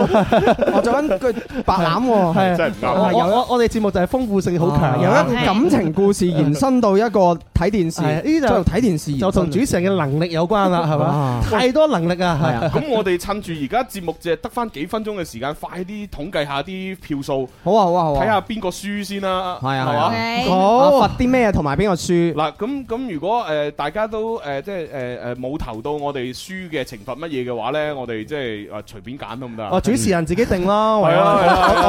我做緊個白欖，係真係唔得。我我我哋節目就係豐富性好強，由一個感情故事延伸到一個睇電視，呢就睇電視就同主持人嘅能力有關啦，係嘛？太多能力啊，係啊。咁我哋趁住而家節目淨係得翻幾分鐘嘅時間，快啲統計下啲票數，好啊，好啊，好啊，睇下邊個輸先啦，係啊，係啊，好，罰啲咩同埋邊個輸？嗱，咁咁如果誒大家都。誒，即係誒誒，冇投到我哋輸嘅懲罰乜嘢嘅話咧，我哋即係誒隨便揀都唔得哦，主持人自己定咯，我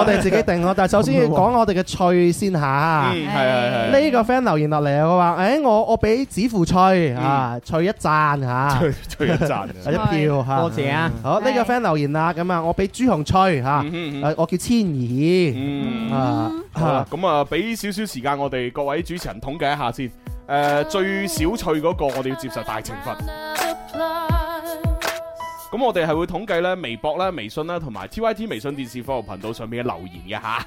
哋自己定咯。但係首先要講我哋嘅趣先吓，係係係。呢個 friend 留言落嚟啊，我話誒，我我俾子父吹啊，吹一贊吓，吹吹一贊，一票，多謝啊。好，呢個 friend 留言啦，咁啊，我俾豬紅吹吓，我叫千怡，咁啊，俾少少時間我哋各位主持人統計一下先。誒、呃、最少趣嗰個，我哋要接受大懲罰。咁 (music) 我哋係會統計咧微博咧、微信啦，同埋 T Y T 微信電視科學頻道上面嘅留言嘅嚇。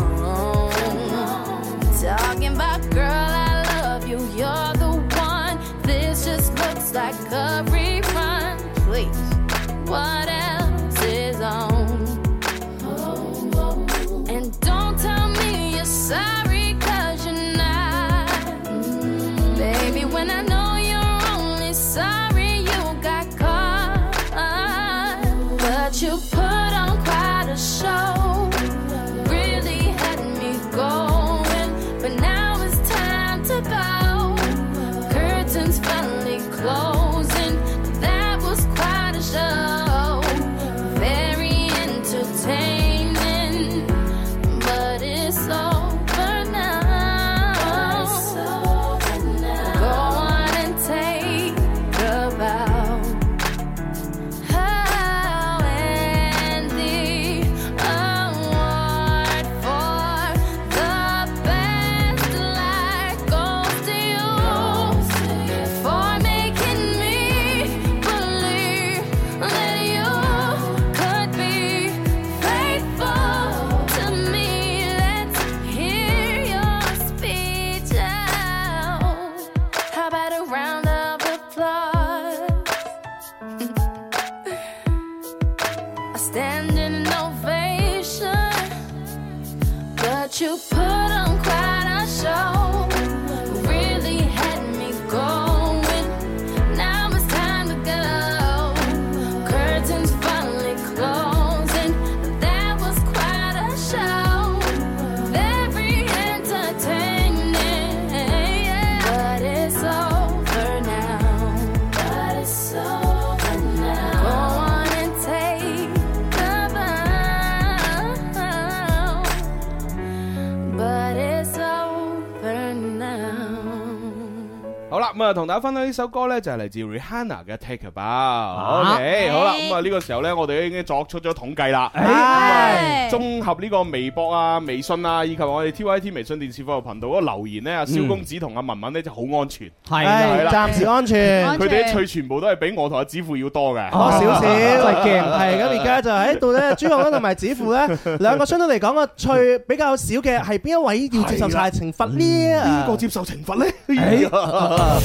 咁啊，同大家分享呢首歌咧，就係嚟自 Rihanna 嘅 Take A Bow。OK，好啦，咁啊，呢個時候咧，我哋已經作出咗統計啦。係綜合呢個微博啊、微信啊，以及我哋 TYT 微信電視服務頻道個留言咧，阿蕭公子同阿文文咧就好安全。係，暫時安全。佢啲趣全部都係比我同阿子富要多嘅。少少係。咁而家就喺度咧，豬紅同埋子富咧，兩個相對嚟講個趣比較少嘅係邊一位要接受晒懲罰呢？邊個接受懲罰咧？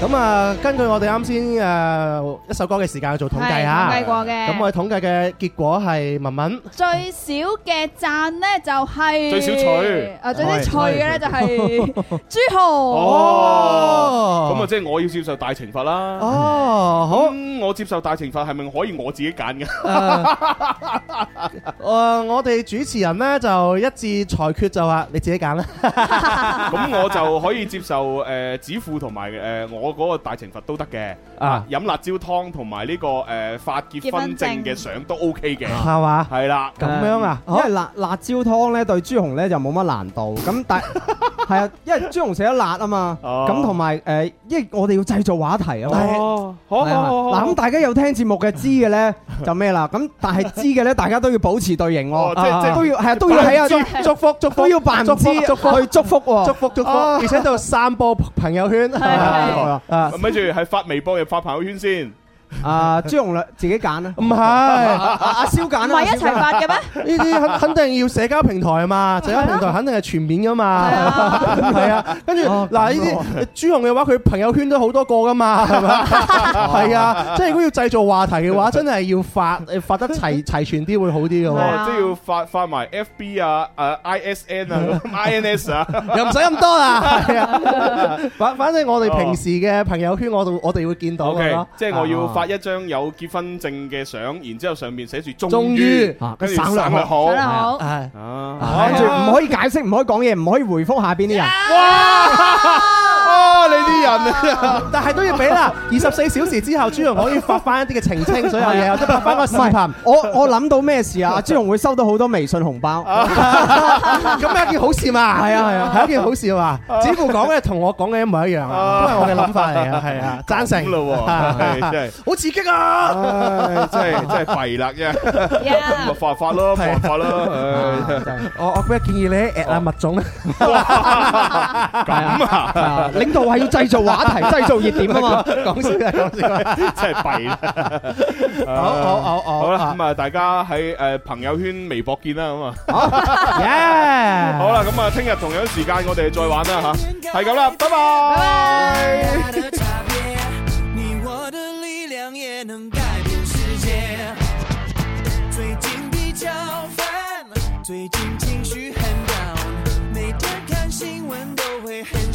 咁啊、嗯，根據我哋啱先誒一首歌嘅時間去做統計啊，統計過嘅。咁、嗯、我哋統計嘅結果係文文最少嘅贊咧就係、是、最少取啊，最少取嘅咧就係、是嗯、豬紅。哦，咁啊，即係我要接受大懲罰啦。哦，好、哦。我接受大懲罰係咪可以我自己揀嘅？啊、嗯 (laughs) 嗯，我哋主持人咧就一致裁決就話你自己揀啦。咁 (laughs) 我就可以接受誒指父同埋誒我。 (laughs) (laughs) 嗰個大懲罰都得嘅啊！飲辣椒湯同埋呢個誒發結婚證嘅相都 OK 嘅，係嘛？係啦，咁樣啊，因為辣辣椒湯咧對朱紅咧就冇乜難度。咁但係啊，因為朱紅食得辣啊嘛，咁同埋誒，因為我哋要製造話題啊。哦，嗱咁大家有聽節目嘅知嘅咧就咩啦？咁但係知嘅咧，大家都要保持隊形喎，都要係啊，都要喺啊，祝福祝福都要扮唔知去祝福喎，祝福祝福，而且就散播朋友圈。啊咪住，係發微博又發朋友圈先。啊，豬紅自己揀啦，唔係阿蕭揀啦，唔係一齊發嘅咩？呢啲肯肯定要社交平台啊嘛，社交平台肯定係全面噶嘛。係啊，跟住嗱呢啲豬紅嘅話，佢朋友圈都好多個噶嘛，係咪啊？係啊，即係如果要製造話題嘅話，真係要發誒發得齊齊全啲會好啲嘅，即係要發發埋 F B 啊誒 I S N 啊 I N S 啊，又唔使咁多啦。反反正我哋平時嘅朋友圈，我哋我哋會見到嘅即係我要發一張有結婚證嘅相，然之後上面寫住終於，跟住省略號，係，跟住唔可以解釋，唔可以講嘢，唔可以回覆下邊啲人。你啲人啊，但係都要俾啦。二十四小時之後，豬紅可以發翻一啲嘅澄清所有嘢，或者發翻個視頻。我我諗到咩事啊？豬紅會收到好多微信紅包，咁係一件好事嘛？係啊，係啊，係一件好事嘛？似乎講嘅同我講嘅一模一樣啊，都係我嘅諗法嚟啊，係啊，贊成咯，係係好刺激啊，真係真係弊啦，一咪發發咯，發發咯，我我建議你，at 阿麥總，咁啊度係要製造話題，製造熱點啊嘛！講笑啊，講笑，真係弊。好，好，好，好啦。咁啊，大家喺誒朋友圈、微博見啦，咁啊。好，yeah。好啦，咁啊，聽日同樣時間我哋再玩啦吓，係咁啦，拜拜。